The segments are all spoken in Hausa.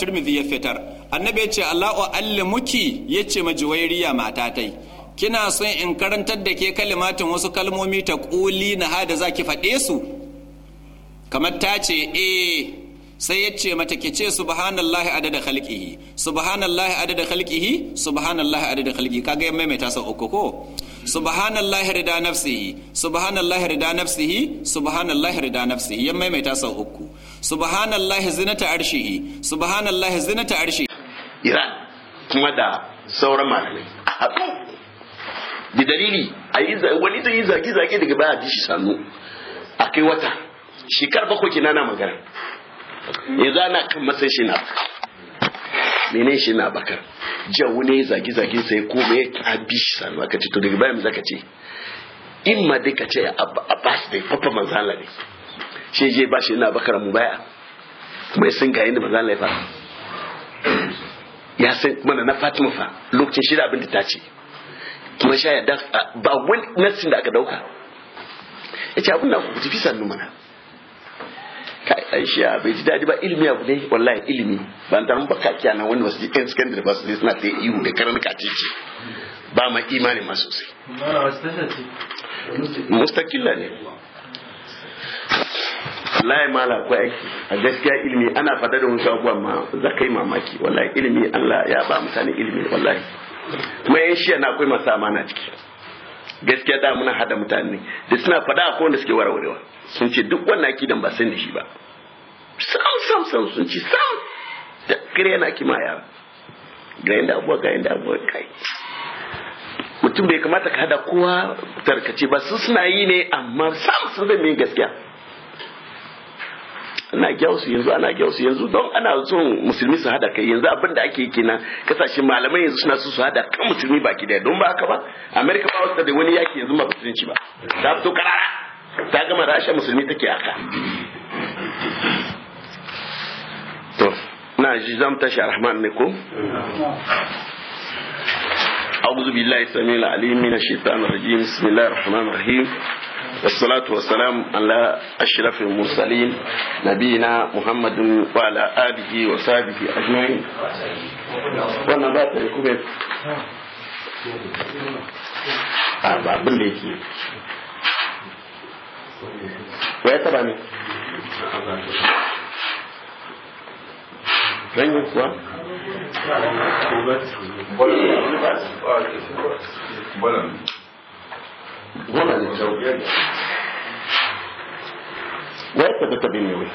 Tirmidhi ya fitar annabi ya ce Allahu allimuki ya ce majuwairiya matatai kina son in karantar da ke kalimatin wasu kalmomi ta kuli na hada zaki faɗe su kamar ta ce eh sai ya ce mata ke ce subhanallahi adada khalqihi subhanallahi adada khalqihi subhanallahi adada khalqihi kaga yan maimaita sau uku ko subhanallahi rida nafsihi subhanallahi rida nafsihi subhanallahi rida nafsihi yan maimaita sau uku subhanallahi zinata arshihi subhanallahi zinata arshi ira kuma da sauran malamai a haɗu da dalili a yi wani zai yi zage-zage daga baya ji shi sannu a kai wata shekar bakwai kina na magana yanzu ana kan masa shi na mene shi na bakar jiya wani zage-zage sai ko me ka bi shi sannu aka ce to daga baya mu zaka ce in ma dai ka ce a ba su da papa manzala ne shi je ba shi ina bakar mu baya kuma sun san ga yadda manzo laifa ya fara ya san mana na Fatima fa lokacin shi da abin da ta ce kuma sha yadda ba wani nassin da aka dauka ce abin da ku tafi sannu mana kai aisha bai ji daɗi ba ilimi abu ne wallahi ilimi ba ta mun baka nan wanda wasu yan secondary ba su suna ta ihu da karan kacici ba ma imani ma sosai mustaqilla ne wallahi mala ko aiki a gaskiya ilimi ana fada da wasu abubuwa ma za ka yi mamaki wallahi ilimi Allah ya ba mutane ilimi wallahi kuma yan shiya na akwai masu amana ciki gaskiya da muna hada mutane da suna fada a kowanne suke warwarewa sun ce duk wannan dan ba san da shi ba sam sam sam sun ce sam da kare na ma yara ga inda abuwa ga inda abuwa kai mutum bai kamata ka hada kowa tarkace ba su suna yi ne amma sam sun zai mai gaskiya ana gyausu yanzu ana gyausu yanzu don ana son musulmi su hada kai yanzu abin da ake kenan kasashe malamai yanzu suna su hada kan musulmi baki daya don ba haka ba america ba wasu da wani yaki yanzu ba musulunci ba ta fito karara ta gama rasha musulmi take haka to na ji zam tashi rahman ne ko أعوذ بالله السميع العليم من الشيطان الرجيم بسم الله الرحمن الرحيم والصلاة والسلام على أشرف المرسلين نبينا محمد وعلى آله وصحبه أجمعين بات الكبير أربع بلدي ويتبعني Ranyi होना दीक्षा हो गया वह कभी कभी नहीं हुई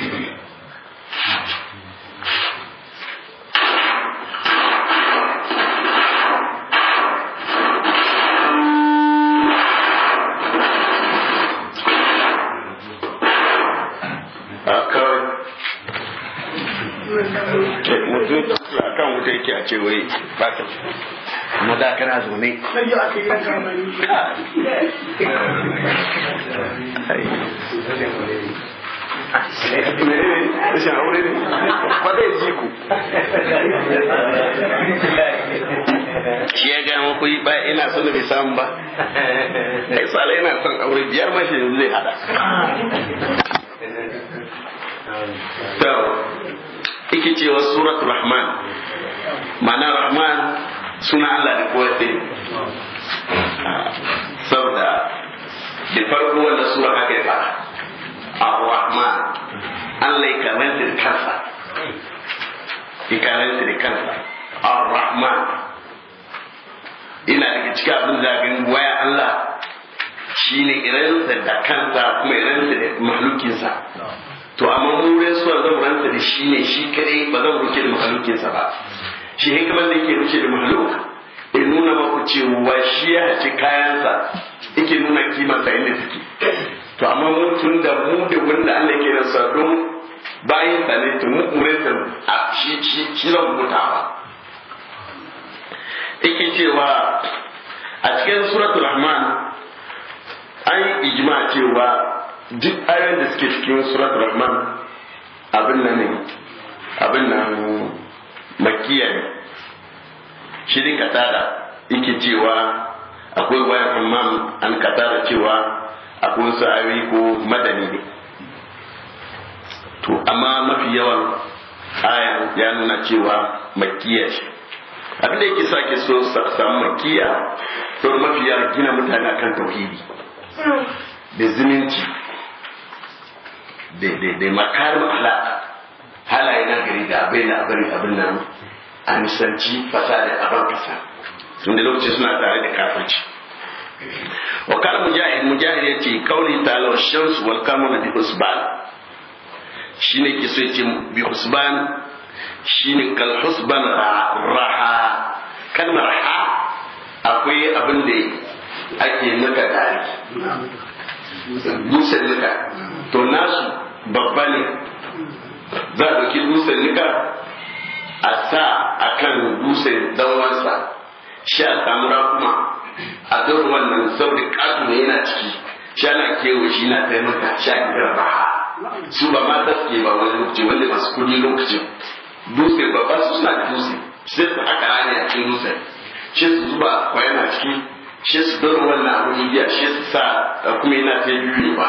Thank you. ce wai ba ka amma da kana zaune Shi ya gaya muku ba ina son da bai samu ba. Ai sala yana son aure biyar zai hada. To, Rahman ma'ana rahman suna Allah da kowa ɗin saboda da farko wanda sura haka ya fara abu rahman Allah ya karanta da kansa ya karanta da kansa abu rahman ina daga cikin abin zagin waya Allah ne irinsa da kansa kuma irinsa da mahlukinsa to amma mu rai suwa zan ranta da shi ne shi kare ba zan roke da mahlukinsa ba shi kamar da yake nufi da mahaluka in nuna maku cewa shi ya haci kayansa yake nuna kimansa inda suke to amma mutum da mu da wanda Allah yake da sa don bayan sa ne to mu kurensa a shi shi shi zan mutawa yake cewa a cikin suratul rahman an ijma cewa duk ayoyin da suke cikin suratul rahman abin nan ne abin nan makiya ne din katada yake cewa akwai waya imam an katada cewa akwai sa'ayi ko madani ne to amma mafi yawan aya ya nuna cewa makiya shi abinda yake sake so samu makiya don mafiya gina mutane akan tauhidi hmm. da zumunci da makarin alaƙa halaye na gari da abai na bari abin nan a nisanci fasada a ban kasa da lokacin suna tare da kafirci wa kala mujahid mujahid yace kauli ta'ala shams wal qamar bi husban shine ke so yace bi husban shine kal husban raha kalmar raha akwai abin da ake naka dari musa naka to nasu babba ne za a ɗauki dutsen nika a sa a kan dutsen dawansa shi a samu rakuma a don wannan sauri kasu yana ciki shi ana kewa shi na taimaka shi a gidan raha su ba ma ta suke ba wani lokaci wanda masu kudi lokacin dutse babba su suna dutse shi su aka rani a cikin dutse shi su zuba kwa yana ciki shi su don wannan abu biya shi su sa kuma yana ta yi ba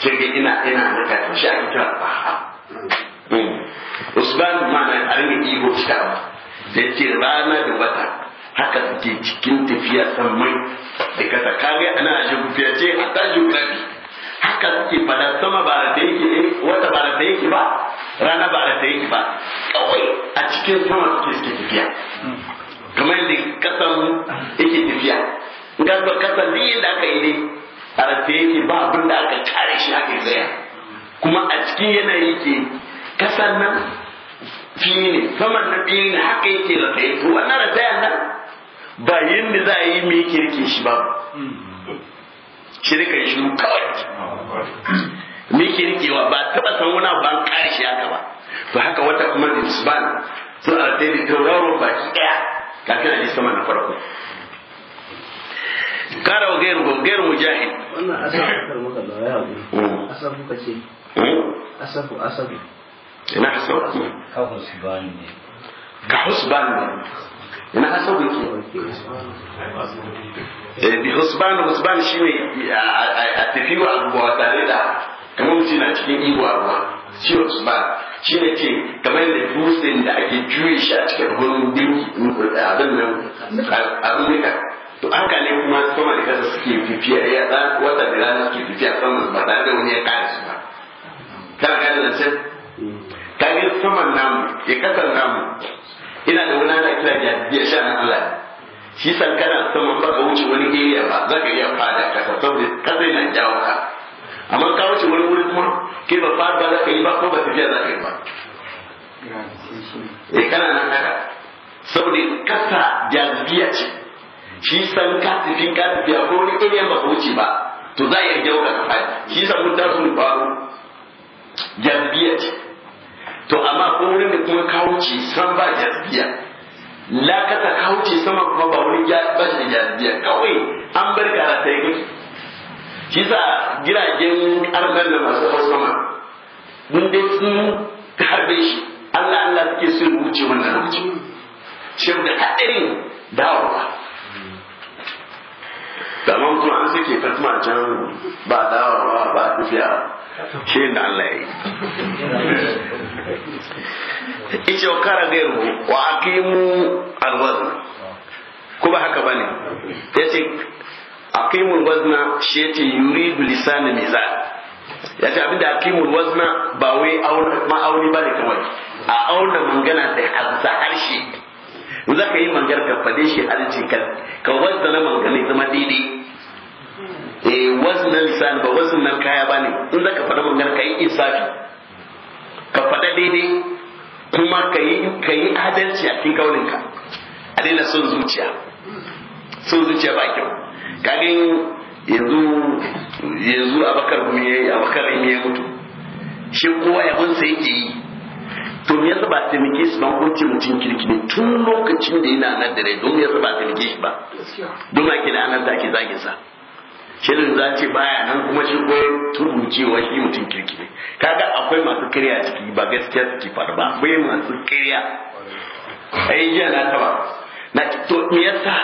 ke ina ina naka shi a gidan raha Hmm. usman ma'ana a ringa ihu shawa da ce rana da wata haka suke cikin tafiya mai da kasa kage ana a ce a ta geography haka suke fada sama ba da yake wata ba da yake ba rana ba da yake ba kawai a cikin sama suke suke tafiya kamar da kasan yake tafiya gasar kasan duk yadda aka yi ne a rasa yake ba abin da aka tare shi aka yi tsaya kuma a cikin yanayi ke kasan nan fili ne saman na fili ne haka yake da tsaye to wannan ratayan nan ba yadda za a yi mai kirkin shi ba shi rika shi kawai mai kirkewa ba taba san wani abu an kare shi haka ba to haka wata kuma da ba sun alate da tauraro baki daya kafin a ji sama na farko kara wa gairu gairu mujahid wannan asafu kar muka da ya hmm. asafu kace hmm? asafu asafu ina sauran ka husbani ka husbani ina hasabu yake eh bi husban husban shine a tafi wa abubuwa tare da kamar mutum na cikin ibo ruwa shi husban shi ne ce kamar da dusin da ake juye shi a cikin ruwan dini abin nan abin da to an kale kuma sama da kasa suke fifiya ya dan wata da rana suke fifiya sama ba tare da wani ya kare su ba kana gane da sai kage sama namu ya kasar namu ina da wani ana kira ya sha na Allah shi san kana sama ba ka wuce wani area ba za ka iya fada kasa saboda kasa yana jawo ka amma ka wuce wani wuri kuma ke ba fada za ka yi ba ko ba tafiya za ka yi ba eh kana nan haka saboda kasa jazibiya ce shi san ka tafi ka tafi ko wani area ba ka wuce ba to za a iya jawo ka ka fadi shi san mun tasu faru jazibiya ce to amma ko wurin da kuma kawo ci san ba jazbiya lakata kawo ci sama kuma ba wani ba shi jazbiya kawai an bar gara ta yi shi sa giragen arnar da masu hau sama mun dai sun harbe shi Allah Allah suke sun wuce wannan wuce shi da hadarin dawowa da man kuma an suke fatima can ba dawowa ba tafiya shi da Allah ya yi ice wa kara gairu wa aqimu alwazn kuma haka bane yace Akimu alwazna shi yace yuridu lisan mizan yace abinda Akimu alwazna ba wai ma'auni bane kawai a auna mangana da azza harshe mu zaka yi mangar ka fade shi harshe ka ka wazna mangana zama daidai eh wazna lisan ba wazna kaya bane in zaka fada mangar ka yi insafi ka faɗa daidai kuma ka yi adalci a cikin kaulinka a daina son zuciya son zuciya ba kyau kagin yanzu yanzu abakar kuma abakar ya mutu shi kowa ya bin sai ke yi to me yasa ba nike shi ban kunce mutum ne tun lokacin da yana nan da rai don me yasa ba nike shi ba don ake da anan da ake zagin sa shirin za ce baya nan kuma shi ko tudu shi mutum kirki ne kaga akwai masu kirya ciki ba gaskiya ciki faɗa ba akwai masu kirya ai jiya na taba na to me yasa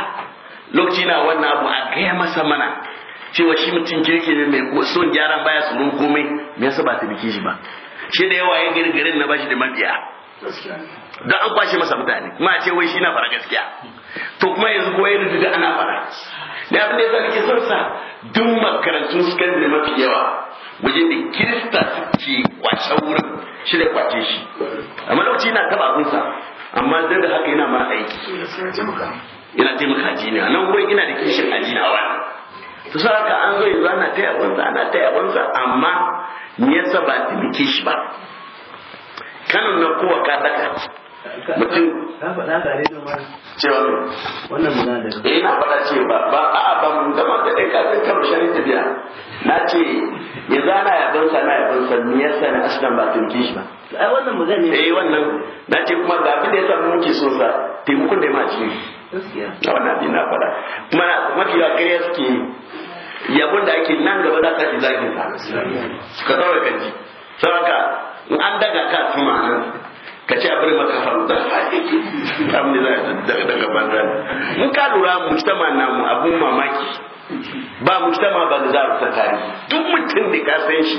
lokaci na wannan abu a gaya masa mana cewa shi mutum kirki ne mai son gyara baya su mun komai me yasa ba ta biki shi ba shi da yawa ya girgirin na bashi da mabiya don an kwashe masa mutane kuma a ce wai shi na fara gaskiya to kuma yanzu ko ya rubuta ana fara da abin da ya nake son sa duk makarantun ne mafi yawa waje da kirista suke kwace wurin shi da kwace shi amma lokaci yana taba abinsa amma duk da haka yana mara aiki yana taimaka jini a nan wurin ina da kishin ajina a wani to haka an zo yanzu ana taya abinsa ana taya abinsa amma me yasa ba taimake shi ba kanon na kowa ka daka mutum ka faɗa ka rediyo ma cewa ne wannan muna da eh na faɗa ce ba ba a ba mu da ma da kai kafin kan sharin tafiya na ce ya zana ya ban sa ya ban sa ya sa aslan ba tunke shi ba ai wannan magana ne eh wannan na ce kuma ga abin da yasa sa mu muke so sa taimakon da ya ma ci gaskiya wannan abin na faɗa kuma mafi yawa ƙarya suke yabon da ake nan gaba za ka shi zagin sa ka kawai kanji saboda in an daga ka tuma nan ka ce a maka faru da abin da za daga banza in ka lura mujtama mu abun mamaki ba mujtama ba da zaru a duk mutum da ka san shi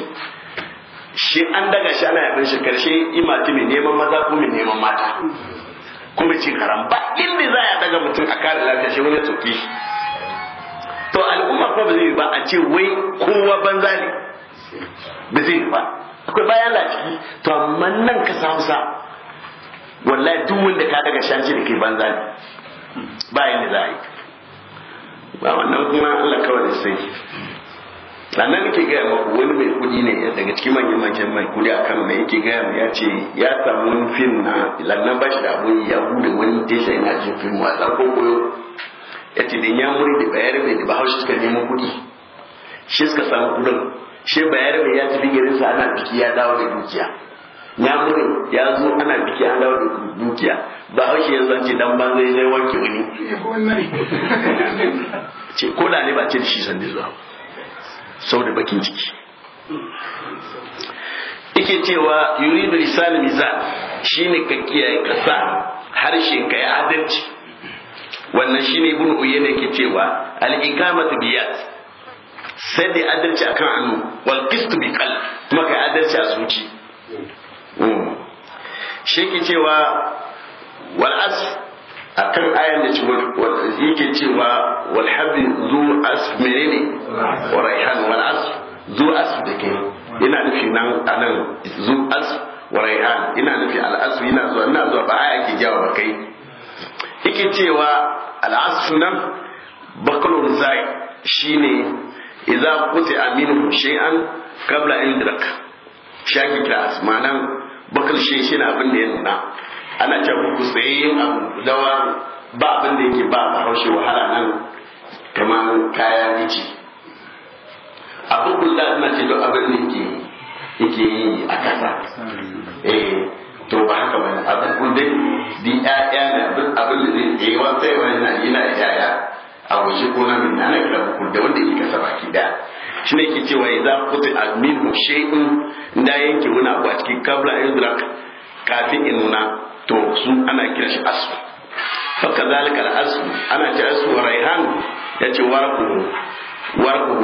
shi an daga shi ana yabin shi karshe imati mai neman maza ko mai neman mata kuma cin haram ba inda za a daga mutum a kare lafiya shi wani tsoki to al'umma ko ba zai ba a ce wai kowa banza ne ba zai ba akwai bayan lafiya to amma nan ka samu sa wallahi duk wanda ka daga shanci da ke banza ne ba yadda za a yi ba wannan kuma Allah kawai da sai sannan ke gaya ma wani mai kudi ne daga cikin manyan manyan mai kudi a kan mai yake gaya mu ya ce ya samu wani fim na lannan ba shi da abun ya bude wani tesha ina jin fim wa ko koyo ya ce da ya muri da bayar mai da bahaushe suka nemo kudi shi suka samu kudin shi bayar mai ya tafi sa ana biki ya dawo da dukiya namurin ya zo ana biki an dawo da dukiya ba shi yanzu ce dan banza ya zai wanke wani ce ko da ne ba ce da shi sande zuwa sau da bakin ciki ike cewa yuridu lisan shi shine ka kiyaye ka sa harshen ka ya adalci wannan shine ibn ne ke cewa al ikamatu biyat sai da adalci akan hannu wal qistu bi kal kuma ka yi adalci a zuci shi ke cewa wal asf akan ayan da yake cewa wal habbi zu asf ne wa raihan wal asf zu asf da ke yana nufi nan anan zu asf wa raihan ina nufi al asf yana zuwa ina zuwa ba aya ke jawa ba kai yake cewa al asf nan bakalun zai shine idza quti aminu shay'an qabla indrak shaki kira asmanan bakalshe shi na abin da ya nuna ana can ku sayayyen abu dawa ba abin da yake ba a haushe wahala nan kamar kaya ici abin da ina ce duk abin da yake yake yi a kasa eh to ba haka ba abin dai di ƴaƴa ne abin abin da zai yi eh, wata yawa yana yana ƴaƴa a waje ko na min da kira da wanda yake kasa baki daya shi ne ke cewa idza kuti admin shay'un da yanke wuna ba a cikin kabla yudrak kafin in nuna to sun ana kira shi asu faka zalika da asu ana ce asu raihan ya ce warkuhu warqu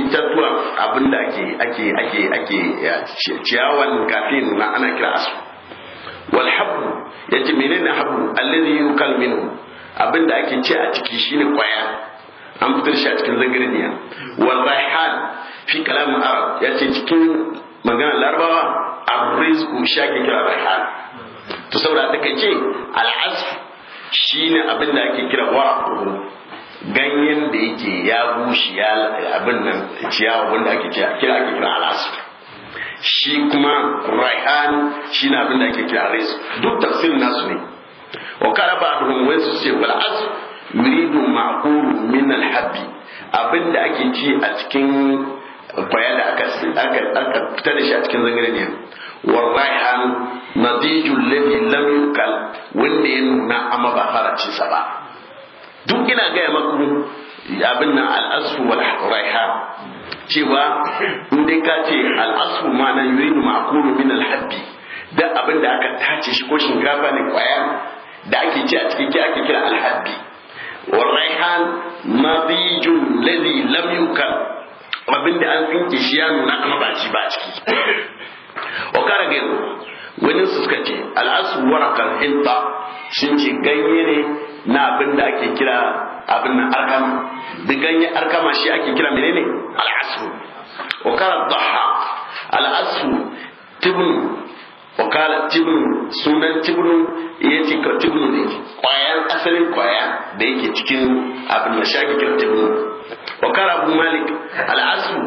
itatuwa abinda ake ake ake ake ciyawan kafin nuna ana kira asu wal habbu yace menene habbu alladhi yukal minhu abinda ake ce a ciki shine kwaya an fitar shi a cikin zangarniya wal raihan fi kalamin arab ya ce cikin magana larabawa arrizqu shaki kira raihan to saboda ce al-asf shine abin da ake kira wa ganyen da yake ya bushe ya abin nan ciyawa wanda ake kira ake kira al-asf shi kuma raihan shi abin da ake kira resu duk tafsirin nasu ne wa kara ba duhun wai su ce wal asu muridu ma'qulu min alhabbi, abinda ake ci a cikin kwaya da aka aka fita da shi a cikin zangarniya warraihan nadijul ladhi lam yuqal wanda ya nuna amma ba farace sa ba duk ina gaya maku abin nan al-asfu wal raihan cewa in ka ce al-asfu ma nan yuridu ma'qulu min al da abin da aka tace shi ko shinkafa ne kwaya da ake ci a cikin ki ake kira al والريحان مضيج الذي لم يكل abinda an tsinke shi ya nuna amma ba ci ba ciki wa kara gairu wani su suka ce al'asu warakar hinta sun ce ganye ne na abin da ake kira abin nan arkama da ganye arkama shi ake kira menene al'asu O kara dhaha al'asu tibnu o kara tibnu sunan tibnu yace ka tibnu ne kwayan asalin kwaya da cikin abin mashaki wa kara abu malik al'asu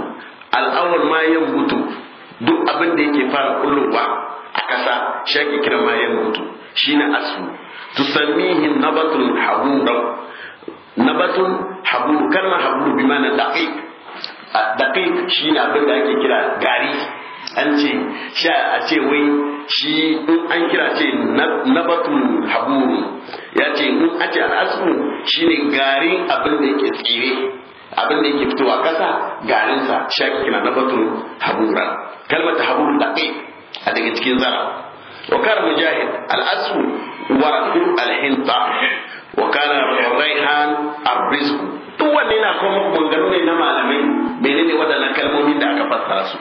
al'awar ma yan mutu duk abin da yake fara kullowa a ƙasa shaki kira ma yan mutu shi na asu tusammihin nabatun habura nabatun haburu kalmar haburu bi mana daqiq shi ne abin da ake kira gari an ce sha a ce wai shi in an kira ce nabatun haburu ya ce in a al'asmu shine garin abin da yake tsire abin da yake fitowa kasa garinsa shaki kina na batun habura kalmar ta haburun da a daga cikin zara al'asmu wa الأسود ورد wa kana rayhan الرزق duk wanne na kuma maganganu ne na malamai menene wadannan kalmomin da aka fassara su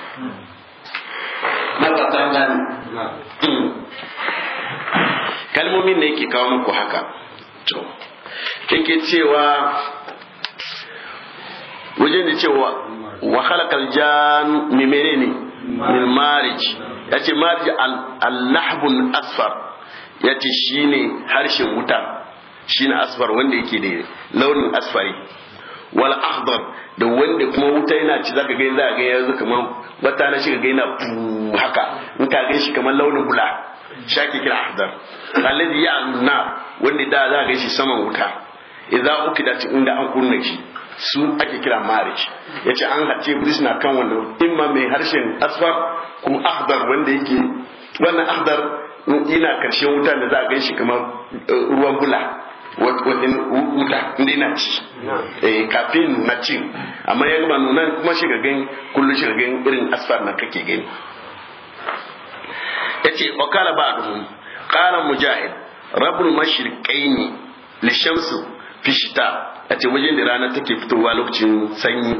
matsasan gani kalmomin ne yake kawo muku haka to yake cewa wajen da cewa wa khalaqal jan mi menene min marij yace marij al-lahbun asfar yace shine harshen wuta shine asfar wanda yake da launin asfari wal akhdar da wanda kuma wuta yana ci zaka ga zaka ga yanzu kamar wata na shiga ga yana haka in ka ga shi kamar launin bula shaki kira ahdar alladhi na wanda da za ga shi saman wuta idza ukidat inda an kunna shi su ake kira marriage yace an hace iblis na kan wanda imma mai harshen asfar kuma ahdar wanda yake wannan ahdar ina karshen wuta da za a gan shi kamar eh, ruwan bula wajen wuta inda yana ci eh, kafin na ci amma ya gaba nuna kuma shi ga gan kullum shi ga irin asfar na kake gani yace wa kala ba'dhum qala mujahid rabbul mashriqaini li shamsu fi shita yace wajen da rana take fitowa lokacin sanyi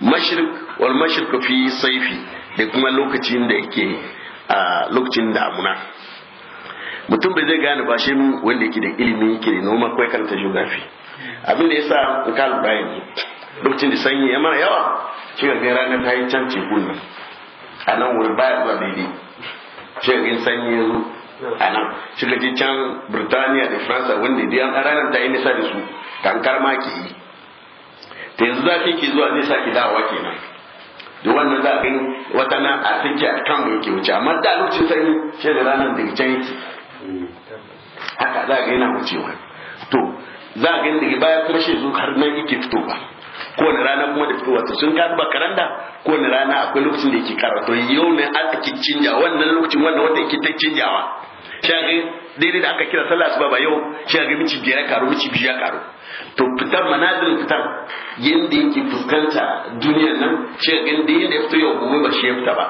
mashriq wal mashriq fi sayfi da kuma lokacin da yake a lokacin damuna mutum bai zai gane ba shi wanda yake da ilimi yake da noma kawai karanta geography abin da yasa in ka lura yanzu lokacin da sanyi ya mara yawa shi ga ranar ta yi can tekun nan a nan wurin baya zuwa daidai sai in sanyi ya zo a nan shiga ka can birtaniya da faransa wanda da an ranar ta yi nisa da su tankar ma ke yi ta yanzu zafi ke zuwa zai sake dawowa nan da wannan zafin wata nan a tsinke a kan mai ke wuce amma da lokacin sanyi ce da ranar daga can yake haka za ga yana wucewa to za ga daga baya kuma shi zo har nan yake fitowa kowane rana kuma da fitowa sun gano ba karanda kowane rana akwai lokacin da yake karatu yau ne ake canja wannan lokacin wannan wanda yake ta canjawa shagin daidai da aka kira sallah asuba ba yau shagin mici biyar karo mici biya karo to fitar manazin fitar yadda yake fuskanta duniyar nan shagin da yadda ya fito yau gobe ba shi ya fita ba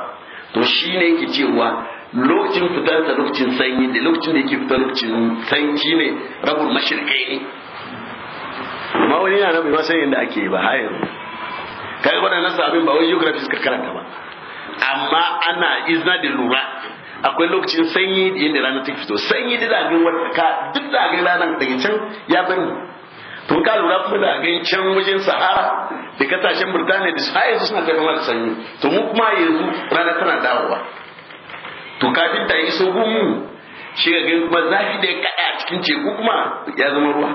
to shi ne yake cewa lokacin fitarsa lokacin sanyi da lokacin da yake fita lokacin sanyi ne rabul mashirkai ne amma wani yana nan bai san yadda ake ba har yanzu kai waɗannan abin ba wai geography suka karanta ba amma ana izna da lura akwai lokacin sanyi da yadda rana take fito sanyi da zagin wata ka duk zagin ranar daga can ya bani to ka lura kuma da zagin can wajen sahara da kasashen birtaniya da su suna tafiya da sanyi to mu kuma yanzu rana tana dawowa to kafin yi iso gumu shi ga kuma zafi da ya kada a cikin teku kuma ya zama ruwa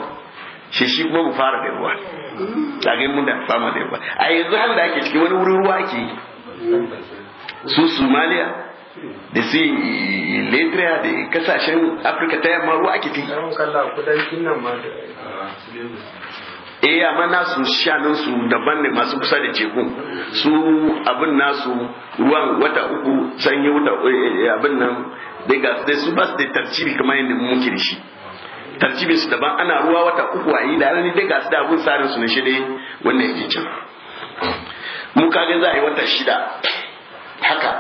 shi shi kuma mu fara da ruwa ga mun da fama da ruwa a yanzu hal da ake ciki wani wurin ruwa ake yi su Somalia da su Nigeria da kasashen Afirka ta yamma ruwa ake fi E amma nasu shanun su daban ne masu kusa da cekun su abin nasu ruwan wata uku sanyi wuta eh, eh, abin nan daga su ba su da tarci kamar yadda muke da shi tarjibin su daban ana ruwa wata uku a yi da ranar dai ga su da abun tsarin su na shi dai wannan yake can mu kage za a yi wata shida haka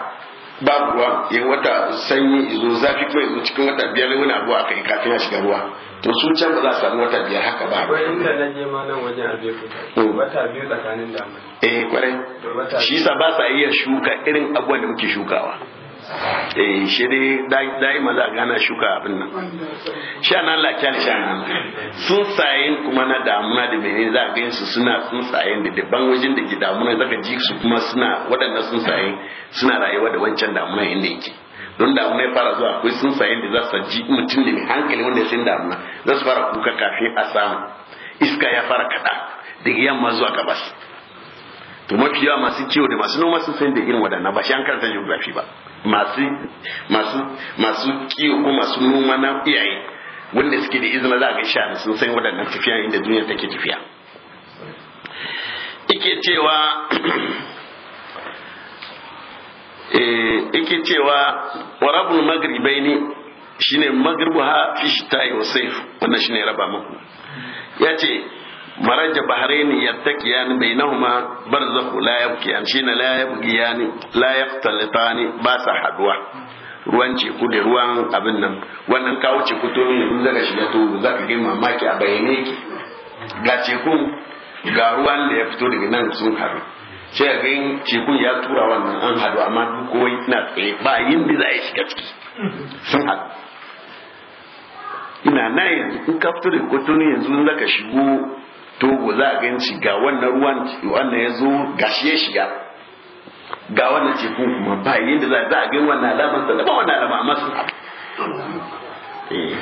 babu ruwa ya wata sanyi izo zafi kuma izo cikin wata biyar wani abu a kai kafin a shiga ruwa to sun can ba za su samu wata biyar haka ba akwai inda na je ma nan wajen abeku hmm. wata biyu tsakanin damar eh kwarai shi sa ba sa iya shuka irin abubuwan da muke shukawa eh shi dai dai maza a gana shuka abin nan sha nan lakyal sha nan sun sayin kuma na damuna da menene za a gan su suna sun sayin da daban wajen da ke damuna zaka ji su kuma suna waɗannan sun sayin suna rayuwa da wancan damuna inda yake don damuna ya fara zuwa akwai sun sayin da za su ji mutum da mai hankali wanda sun damuna za su fara kuka kafin a samu iska ya fara kaɗa daga yamma zuwa gabas to mafi yawa masu ciwo da masu noma sun sayin da irin waɗannan ba shi an karanta geography ba masu masu masu ko masu noma na iyaye wanda suke da izina za a ga sha sun san waɗannan tafiya inda duniya take tafiya ike cewa ike eh, cewa warabul magribai ne shine magribu ha fi shi ta yi wannan shine raba muku ya مرج بحرين يتكيان بينهما برزخ لا يبكيان شين لا يبكيان لا يقتلطان باس حدوة ruwan ku da ruwan abin nan wannan kawo ceku to ne kun zaka shiga to za ka gima maki a bayyane ki ga cekun ga ruwan da ya fito daga nan sun haɗu sai ga yin cekun ya tura wannan an haɗu amma duk kowai na tsaye ba yin da za a yi shiga ciki sun haɗu ina na yanzu in ka fito daga ne yanzu zaka shigo togo za a ganci ga wannan ruwan wannan ya zo gashi ya shiga ga wannan teku kuma ba yadda za a ga wannan alamar da ba wannan alama amma sun haɗu eh.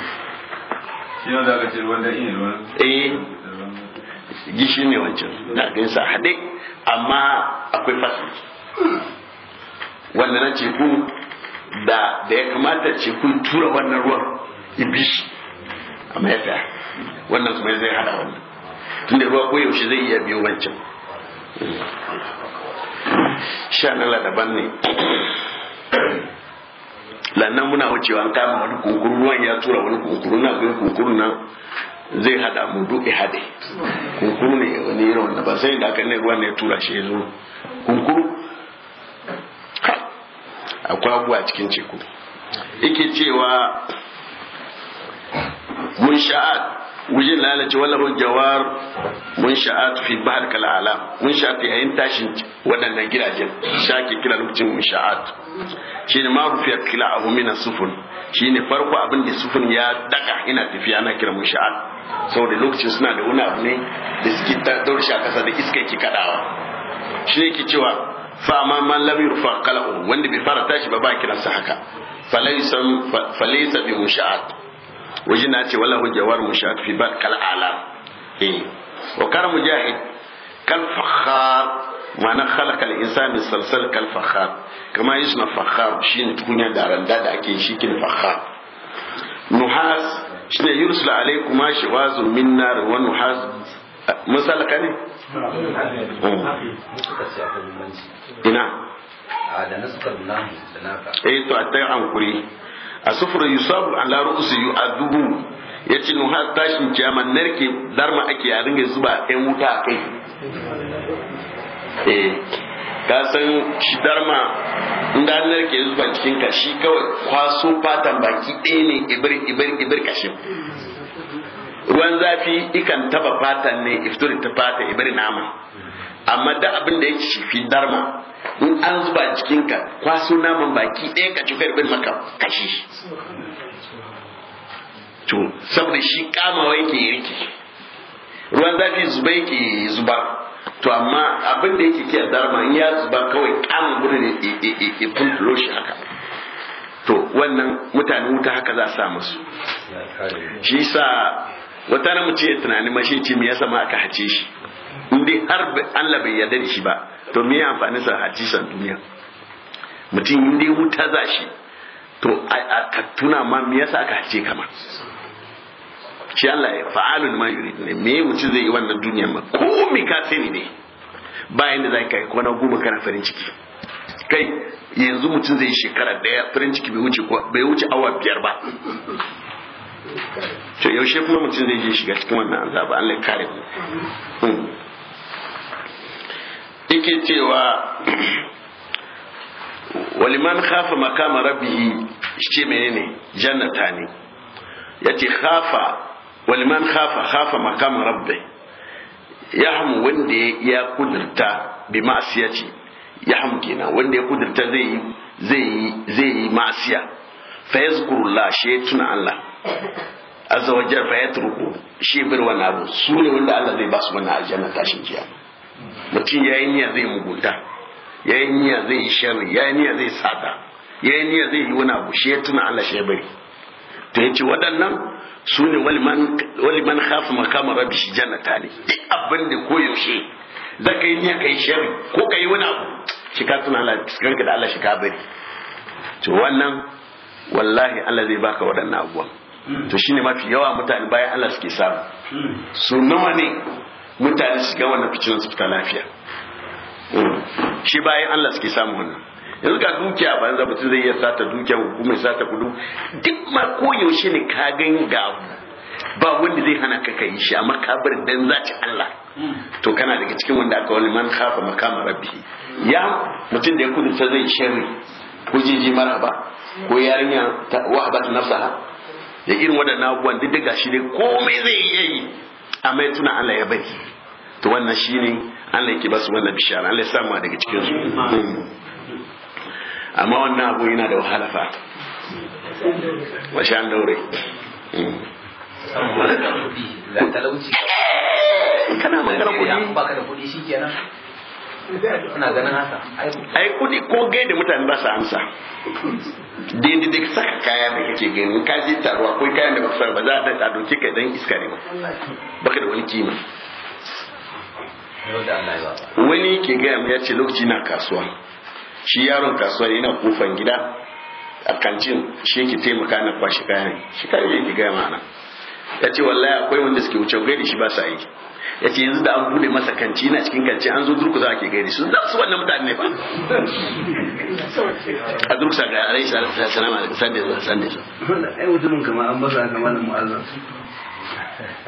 shi ne da ce ruwan da iya ruwan eh gishi ne wancan na sa haɗe amma akwai fasiki wannan na teku da da ya kamata tekun tura wannan ruwan ibishi amma ya ta wannan kuma zai hada wannan da ruwa ko yaushe zai iya biyo wancan shan Allah daban ne lannan muna wucewa an kama wani kunkuru ruwan ya tura wani kunkuru na biyu kunkuru na zai hada mu duk ihade kunkuru ne wani irin wanda ba sai da aka ne ruwan ya tura shi zo kunkuru akwai abuwa cikin ceku ike cewa mun sha'ad wujin lalace wallahun jawar mun sha'atu fi bahar kala'ala mun sha'atu yayin tashin waɗannan gidajen shake kira lokacin mun sha'atu shi ne marufiyar kila abu mina sufun shi ne farko abin da sufun ya daga ina tafiya na kira mun sha'atu saboda lokacin suna da wani abu ne da suke daure shi a kasa da iska ke kadawa shi ne ke cewa fa amma man lam yurfa kala'u wanda bai fara tashi ba ba kiransa haka falaysa bi sha'atu wajen na ce wallahu jawar mushafibat kal alam eh. wa kana mujahid kal fakhar ma'ana khalaqa al insan min salsal kal fakhar kama yusna fakhar shine tukunya da da ake shi kin fakhar nuhas shine min nar wa nuhas musalka ne hmm. ina a ah, da nasu kaduna da naka eh to a tayi hankuri A asufur yusabu ala ru'usi yu'adubu yace nu har tashin kiyama narke darma ake a ringa zuba ɗan wuta a kai eh ka san shi darma in da narke zuba cikin kashi kawai kwaso fatan baki ɗaya ne ibir ibir ibir kashin ruwan zafi ikan taba fatan ne iftori ta fata ibir nama amma da abin da ya shifi darma in an zuba jikinka kwaso naman baki ɗaya ka ci bin maka kashi to saboda shi kamawa yake rike ruwan zafi zuba yake zuba to amma abin da yake kiyar darma in ya zuba kawai kama gudun ya loshi haka to wannan mutane wuta haka za a sa musu shi sa wata na mace tunanin mashi ce me yasa ma aka hace shi Ndi har Allah bai yarda da shi ba to me amfani sa hadisan duniya mutum dai wuta za shi to a tuna ma me yasa aka hace kama shi Allah ya fa'alun ma yuridu ne me mutum zai yi wannan duniyar ma ko me ka sani ne Ba da zai kai kwana goma kana farin ciki kai yanzu mutum zai yi shekara daya farin ciki bai wuce bai wuce awa biyar ba to yaushe kuma mutum zai je shiga cikin wannan azaba Allah ya kare mu hmm. yake cewa waliman khafa makama rabbihi shi menene jannata ne yace khafa waliman khafa khafa makama rabbi hamu wanda ya kudurta bi ya hamu kenan wanda ya kudurta zai zai zai ma'siya fa yazkurullah shi tuna Allah azza wa jalla fa yatruku shi bir wani abu sune wanda Allah zai ba su wannan aljanna tashin kiyama mutum ya yi niyya zai mugunta ya yi niyya zai yi sharri ya yi niyya zai sata ya yi niyya zai yi wani abu shi ya tuna Allah shi ya bari to ya waɗannan su ne man hafi makama rabi shi jannata ne duk abin da koyaushe za ka yi niyya ka yi sharri ko ka yi wani abu shi ka tuna Allah ka da Allah shi ka bari to wannan wallahi Allah zai baka waɗannan abubuwan to shine mafi yawa mutane bayan Allah suke samu su nama ne mutane su gama na ficinan su fita lafiya mm. shi bayan Allah suke samu wannan yanzu ka dukiya banza mutum zai iya sata dukiya hukuma ya sata kudu duk ma koyaushe ne ka gan ga ba wanda zai hana ka kai shi amma ka bar dan zaci Allah mm. to kana daga cikin wanda aka wani man kafa makama rabbi ya mutum da ya kudurta zai shari ko jiji maraba ko yarinya wahabat nafsaha da irin waɗannan abubuwan duk da gashi dai komai zai iya yi amma ya tuna Allah ya bari to wannan shine Allah yake ba su wannan bishara Allah ya samu daga cikin su amma wannan abu yana da wahala fa wa daure hmm. kana magana kudi ba ka da kudi shikenan ina ganin haka ai kudi ko gai da mutane ba su amsa daidai duk saka kaya da kake gani ka je taro akwai kayan da baka ba za a ta doke ka dan iska ne ba baka da wani kima wani ke gaya ya ce lokaci na kasuwa shi yaron kasuwa yana kofan gida a kancin shi yake taimaka na kwashe kayan shi kayan yake gaya ma'ana. ya ce wallahi akwai wanda suke wuce gaida shi ba sa yi ya ce yanzu da an bude masa kanci na cikin kanci an zo za a ke gaida su za su wannan mutane ba a durkusa ga alaihi salama da sande zuwa sande su ai mutumin kama an basa kamar mu'azzam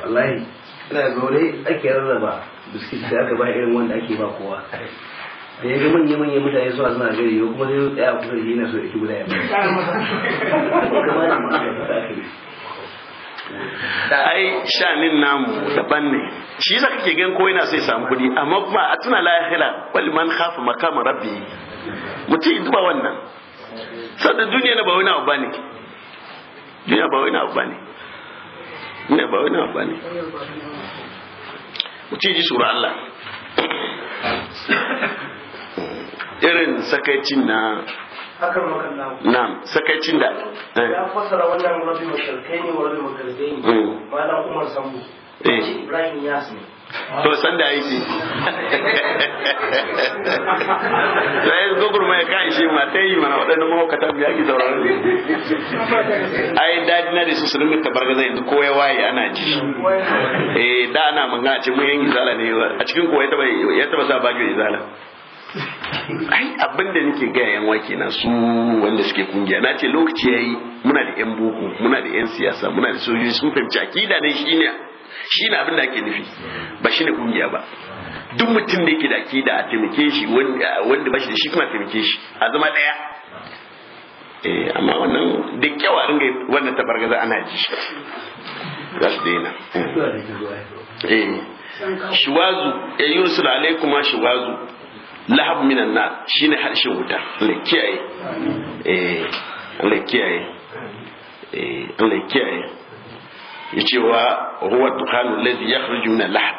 wallahi ina zaune ake rarraba biskit da aka ba irin wanda ake ba kowa da ya ga manya-manya mutane suna suna gari yau kuma zai tsaya kusa da yana so ya ki guda ya ba. ai shanin namu daban ne shi yasa kake gan ko yana sai samu kudi amma kuma a tuna lahira wal man khafa maqama rabbi mutum duba wannan duniya na ba wani abu bane duniya ba wani abu bane ba wani abu bane mutum ji sura Allah irin sakaicin na na'am sakacin da ya eh. fasara wannan rabbi mushrikai ne wa rabbi mutarbai ne hmm. malam umar sambu eh. ibrahim yas ne to san da yake sai gogor ya kai shi ma ta yi mana waɗannan mahaukata mu yaki sauraron ai dadi na da su sun mita zai yanzu ko ya waye ana ji eh da ana magana ce mu yan izala ne a cikin ko ya taba ya taba sa bajo izala ai abin da nake gaya yan wake na su wanda suke kungiya na ce lokaci yi muna da yan boko muna da yan siyasa muna da sojoji sun fahimci akida ne shine shine abin da ake nufi ba shi ne kungiya ba duk mutum da yake da akida a taimake shi wanda ba shi da shi kuma taimake shi a zama daya eh amma wannan da kyawa ringa wannan tabargaza ana ji shi za su daina eh, eh. shiwazu ya yursul alaikum shiwazu lahab minan nan shine harshen wuta Allah kiyaye eh Allah kiyaye eh Allah yace wa huwa dukhanu alladhi yakhruju min al-lahab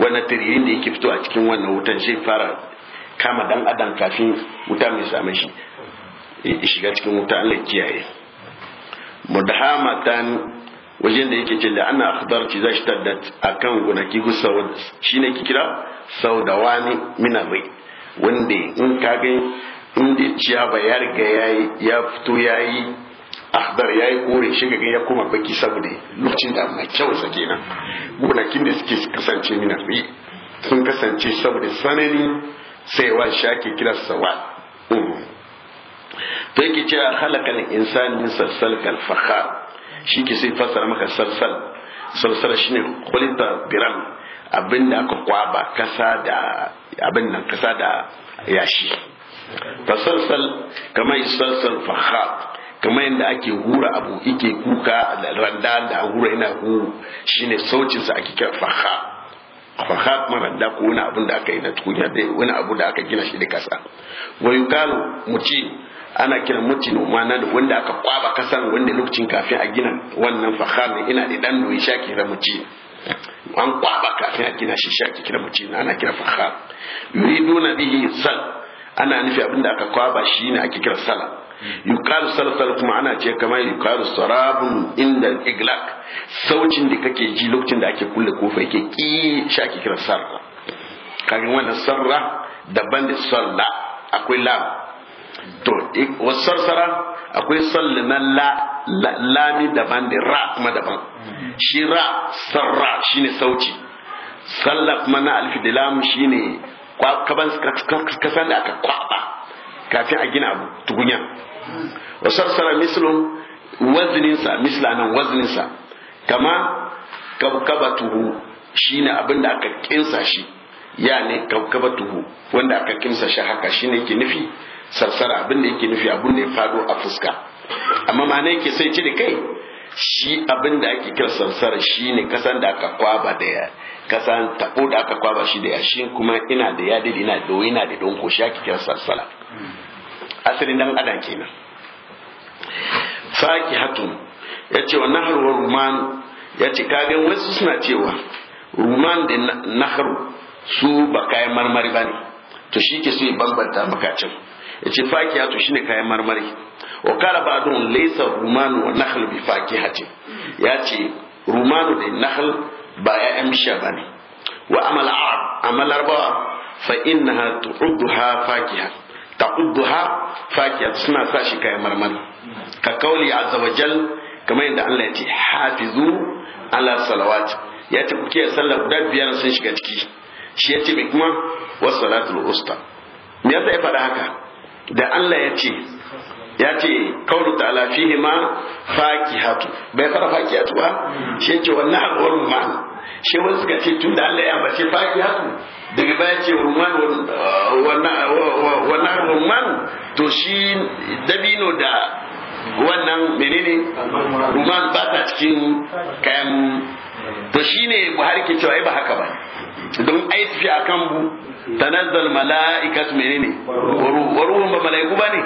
wannan tiririn da yake fitowa cikin wannan wutan shi fara kama dan adam kafin wuta mai same shi shiga cikin wuta Allah kiyaye mudhamatan wajen da yake ce da ana akhdar ci zai tadda akan gunaki gusa shine ki kira saudawani min wanda in ka gani inda ciya ba ya riga ya fito ya yi ahdar ya yi kore shi ga ya koma baki saboda lokacin da mai kyau sa kenan gonakin da suke kasance mina ri sun kasance saboda sanani saiwa shi ake kira sawa to yake cewa halakal insani min salsal kal fakhar shi ke sai fasara maka salsal salsal shine kulita biran abinda aka kwaba kasa da abin nan kasa da yashi fasalsal kamar isalsal fahad kamar yadda ake hura abu ike kuka da randa da hura ina huru shine saucinsa ake kira fahad kuma randa ko wani abu da aka yi na tukunya dai wani abu da aka gina shi da kasa wa yukalu mutin ana kiran no mana wanda aka kwaba kasan wanda lokacin kafin a gina wannan fahar ina da dan doyi shaki da muti. an kwaba kafin a gina shi shi ake kira mace ana kira fakha yuri na bihi sal ana nufi abin da aka kwaba shi ne ake kira sala yukaru salsal kuma ana ce kama yukaru sarabun inda iglak saucin da kake ji lokacin da ake kulle kofa yake ki shi ake kira sarra kaga wannan sarra daban da salla akwai lam to wasarsara akwai sallanan na lami daban da ra kuma daban shi ra sarra ne sauci salla kuma na alfidilam ne kaban kasan da aka kwaba kafin a gina abu tukunya wasar sara mislun wazininsa misla nan wazininsa kama shi ne abin da aka kinsa shi ya ne tuhu wanda aka kinsa shi haka shi ne ke nufi sarsara abin da yake nufi abin da ya fado a fuska amma ma'ana yake sai da kai shi abin da ake kira sarsara shi ne kasan da aka kwaba da ya kasan tabo da aka kwaba shi da shi kuma ina da yadi ina da ina da donko shi ake kira sarsara asalin dan adam kenan faki hatu ya ce wa ruman ya ce ga wasu suna cewa ruman da nahar su ba kai marmari bane ne to shi ke su bambanta makacin yace fakiyatu shine kayan marmari wa kala ba'dhum laysa rumanu wa nakhl bi fakihati yace rumanu da nakhl ba ya'yan bishiya bane wa amal arab amal arba'a fa innaha tu'udduha fakiha ta'udduha fakiha suna sa shi kayan marmari ka kauli azza wajal kamar yadda Allah ya ce hafizu ala salawat ya ce kuke sallah guda biyar sun shiga ciki shi ya ce mai kuma wasu salatul usta me yasa ya faɗa haka da Allah ya ce ya ce kaulu ta'ala fihi ma hatu bai fara hatu ba shi ce wannan alwarun rumani shi wani suka ce tun da Allah ya ambace hatu daga baya ce rumman wannan rumani to shi dabino da wannan menene rumani ba ta cikin kayan to shine Buhari ke cewa ai ba haka ba don ai tafi kan bu tanazzal mala'ikatu menene wa waru ba mala'iku bane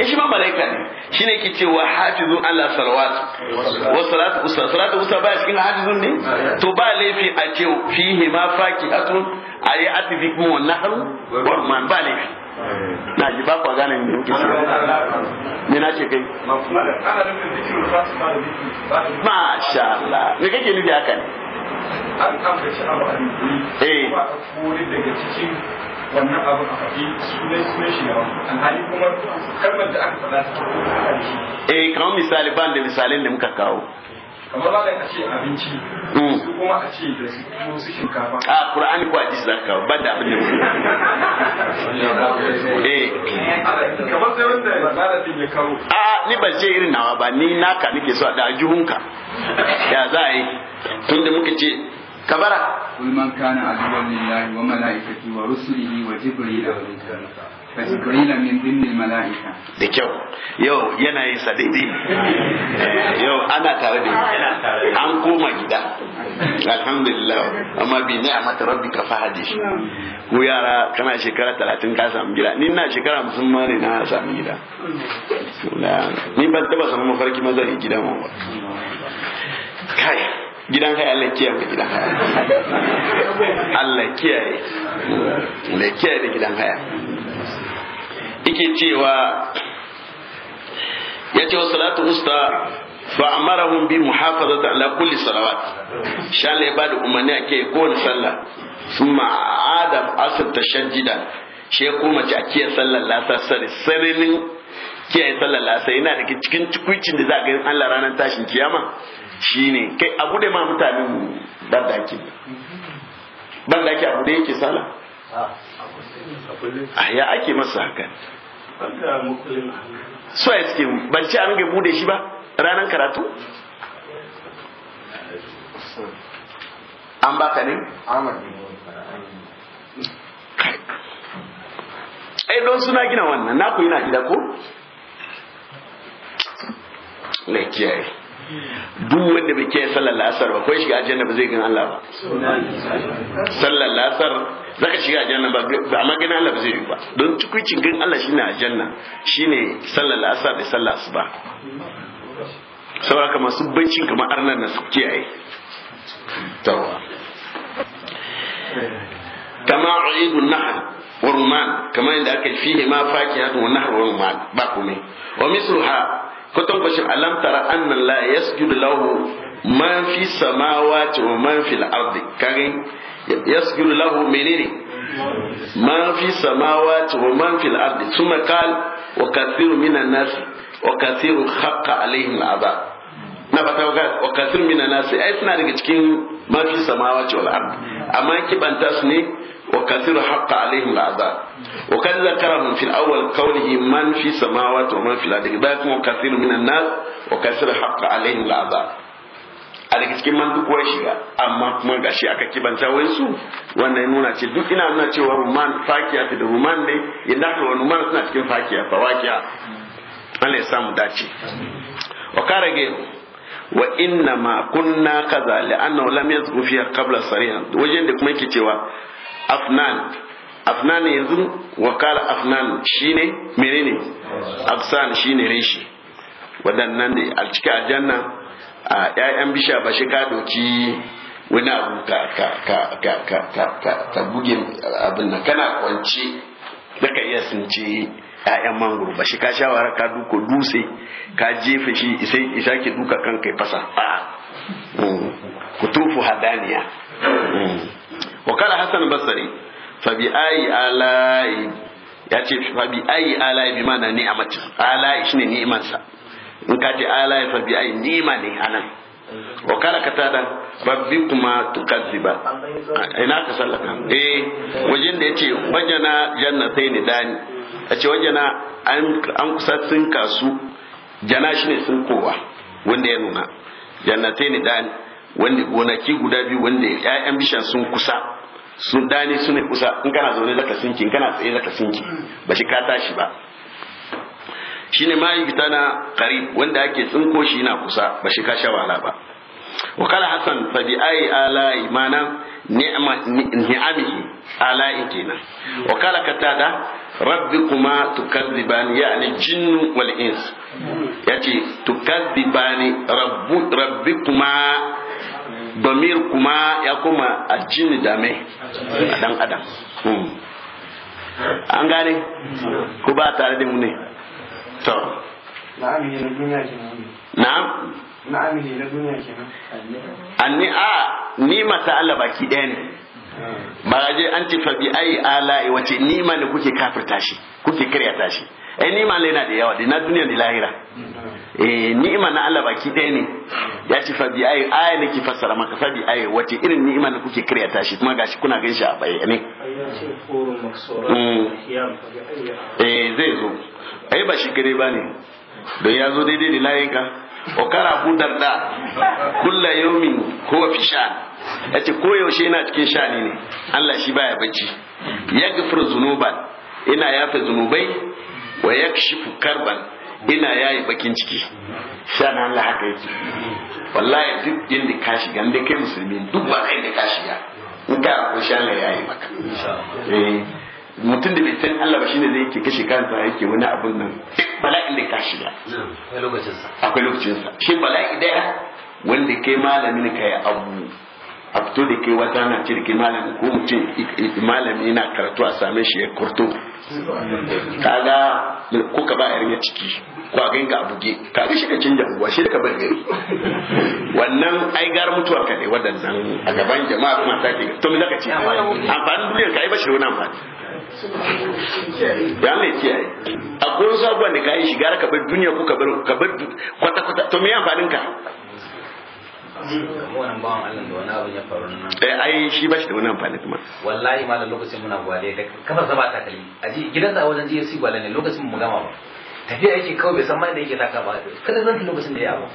eh shi ma mala'ika ne shine ke cewa hafizu ala salawat wa salatu usta salatu usta ba cikin hafizun ne to ba laifi a ce fihi ma atun ayi atifikum wa nahru wa man ba laifi na ji ba kwa gane ne kuke cewa ne na ce kai sha Allah me kake nufi haka ne an ambaci abu a ne ba a kore daga cikin wannan abu a faɗi sunan sunan shi yawa alhali kuma kalmar da aka faɗa ta eh kamar misali ban da misalin da muka kawo kamar ba ka ce abinci mm. su kuma a ce da su su shinkafa a qur'ani ko hadisi zaka kawo banda abin da eh kamar sai wanda malamin ya kawo a ni ban ce irin nawa ba ni naka nake so da ajuhunka ya za a yi tunda muka ce kabara kul man kana aduwwan lillahi wa malaikatihi wa rusulihi wa jibril wa mikail da kyau yau yana yin sa daidai eh, yau ana tare da an koma gida alhamdulillah amma bi ne ni'mat rabbika fahadis ko yara kana shekara talatin ka samu gida ni na shekara 50 ma ne na samu gida ni ban taba samu mafarki ma zan gida ma ba kai gidan haya Allah kiyaye mu gidan haya Allah kiyaye Allah kiyaye da gidan haya yake cewa ya ce wa salatu usta fa amarahum bi muhafazati ala kulli salawat insha Allah ya bada umarni ake kowane sallah summa adam asr tashajjudan shi ya koma ci a sallar lasa sare sarinin kiyaye sallar lasa yana da cikin cikuicin da za ga Allah ranar tashin kiyama shine kai a bude ma mutanen mu ban daki ban daki abu da yake sallah ah. a ah, ya ake masa haka so ya suke ban ci an ga bude shi ba ranar karatu an baka ne ai don suna gina wannan naku yana gida ko na kiyaye duk wanda bai kiyaye sallar la'asar ba ko shiga aljanna ba zai gan Allah ba sallar la'asar zaka shiga aljanna ba amma gan Allah ba zai yi ba don tukuicin gan Allah shine aljanna shine sallar la'asar da sallar ba saboda masu bancin kama arnar na su kiyaye tawa kama uidun nahal wa ruman kama yadda aka yi fihi ma fakihatun wa nahar wa ruman ba komai wa ha. kwatankwashin alam tara annan la yasjudu lahu man fi samawati wa man ardi yasjudu lahu menene man fi samawati wa man ardi thumma qal wa kathiru minan nas wa kathiru haqqa alaihim na fata ga wa kathiru minan nas ai suna daga cikin man fi samawati ardi amma kibanta su ne وكثير حق عليهم العذاب وقد من في الأول قوله من في السماوات ومن في الأرض باكم وكثير من الناس وكثير حق عليهم العذاب a daga cikin man duk wai shiga amma kuma gashi aka kibanta wai su wannan nuna ce duk ina nuna cewa ruman fakiya da ruman ne ka wani ruman suna cikin fakiya fawakiya Allah ya samu dace wa kare gero wa inna ma kunna kaza li'annahu lam wajen da kuma yake cewa afnan afnan yanzu wakala afnan shine menene afsan shine reshi waɗannan ne a cikin aljanna a ƴaƴan bisha ba shi ka doki wani abu ka ka ka ka ka ka ka ka buge abin nan kana kwance da ka iya sunce ƴaƴan mangoro ba shi ka shawara ka duko dutse ka jefe shi isai isa ki duka kanka fasa a mm. kutufu hadaniya mm. wa kala hasan basri fa bi ayi alai ya ce fa bi ayi alai bi mana ni'amati alai shine ni'imansa in ka ce alai fa bi ayi ni'ima ne anan wa kala katada rabbi kuma tukazziba ina ka sallaka eh wajen da yace wajana ni, dani ce wajana an kusa sun kasu jana shine sun kowa wanda ya nuna jannatayn dani wanda gonaki guda biyu wanda ya'yan bishan sun kusa sun dani sun ne kusa in kana zaune zaka sinki in kana tsaye zaka sinki ba shi ka tashi ba shine mai yi na qarib wanda ake tsinko shi na kusa ba shi ka shawala ba wa kala hasan fa bi ai ala imana ni'ma ni'amihi ala kenan wa kala katada rabbikuma tukadziban yani jinnu wal ins yace tukadziban rabbu rabbikuma domin kuma ya kuma a jini dame a dan adam hmm. an gane ku ba tare da mu ne to na amini na duniya kenan na'am na'am ne na duniya kenan a ni ma ta ne ba je an tifa bi ai ala'i wace nima ne kuke kafirta shi kuke ta shi ai nima ne yana da yawa da na duniya da lahira hmm. eh ni'ima na Allah baki ɗaya ne ya ce fa bi ayi aya ki fassara maka fa bi ayi wace irin ni'ima ne kuke kiryata shi kuma gashi kuna gan shi a bayyane mm. eh zai zo ai ba shi gare ba ne don ya zo daidai da ka o kara ku darda kulla yawmin huwa fi sha'an yace ko yaushe yana cikin sha'ani ne Allah shi baya bacci yaghfiru zunuban ina yafe zunubai wa yakshifu karban ina yayi bakin ciki na Allah haka yake wallahi duk da ka shiga inda kai musulmi duk ba da ka shiga in ka ko shan Allah yayi maka eh mutum da bai san Allah ba shine zai yake kashe kansa yake wani abun nan bala'in da ka shiga akwai lokacin sa akwai lokacin sa shi bala'i daya wanda kai malami ka ya abu a fito da ke wata na cirki malam ko mutum malam ina karatu a same shi ya kurto kaga ko ka ba yarinya ciki ko a ganga a buge kaga shi ka canja unguwa shi ka bar gari wannan ai gar mutuwa ka ne wadannan a gaban jama'a kuma ta ke to me zaka ci amfanin duniyar ka ai ba shi wani amfani ya mai kiyaye a kun sabuwan da ka yi shigar ka bar duniya ko ka bar kwata-kwata to me amfanin ka wannan bawan Allah da wani abin ya faru nan eh ai shi ba shi da wani amfani kuma wallahi malam lokacin muna gwale da kafa zaba ta kalli aji sa wajen jiya su gwale ne lokacin mu gama ba tafiya yake kawai bai san ma da yake taka ba kada zan lokacin da ya ba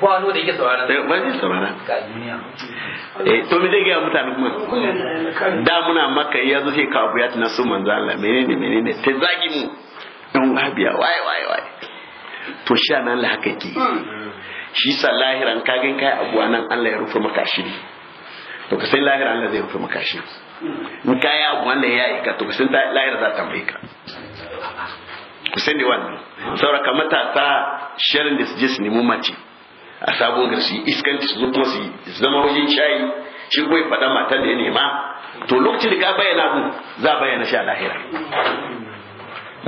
ba n'o da yake saurara eh, ba zai saurara ga duniya eh to me zai ga mutane kuma da muna maka ya zo sai ka abu ya tuna su manzo Allah menene menene ta zagi mu dan wahabiya waye waye waye to sha nan la haka yake hmm. shi sa lahiran ka gan kai abu nan Allah ya rufe maka shiri to ka sai lahiran Allah zai rufe maka shiri in ka abu wanda ya aika to ka san lahira za ta tambaye ka ku ne wannan sauraka ta shirin da su je su nemi mace a sabon garsi iskanci su zo kuma su zama wajen shayi shi kuma ya faɗa da ya nema to lokacin da ka bayyana mu za a bayyana shi a lahira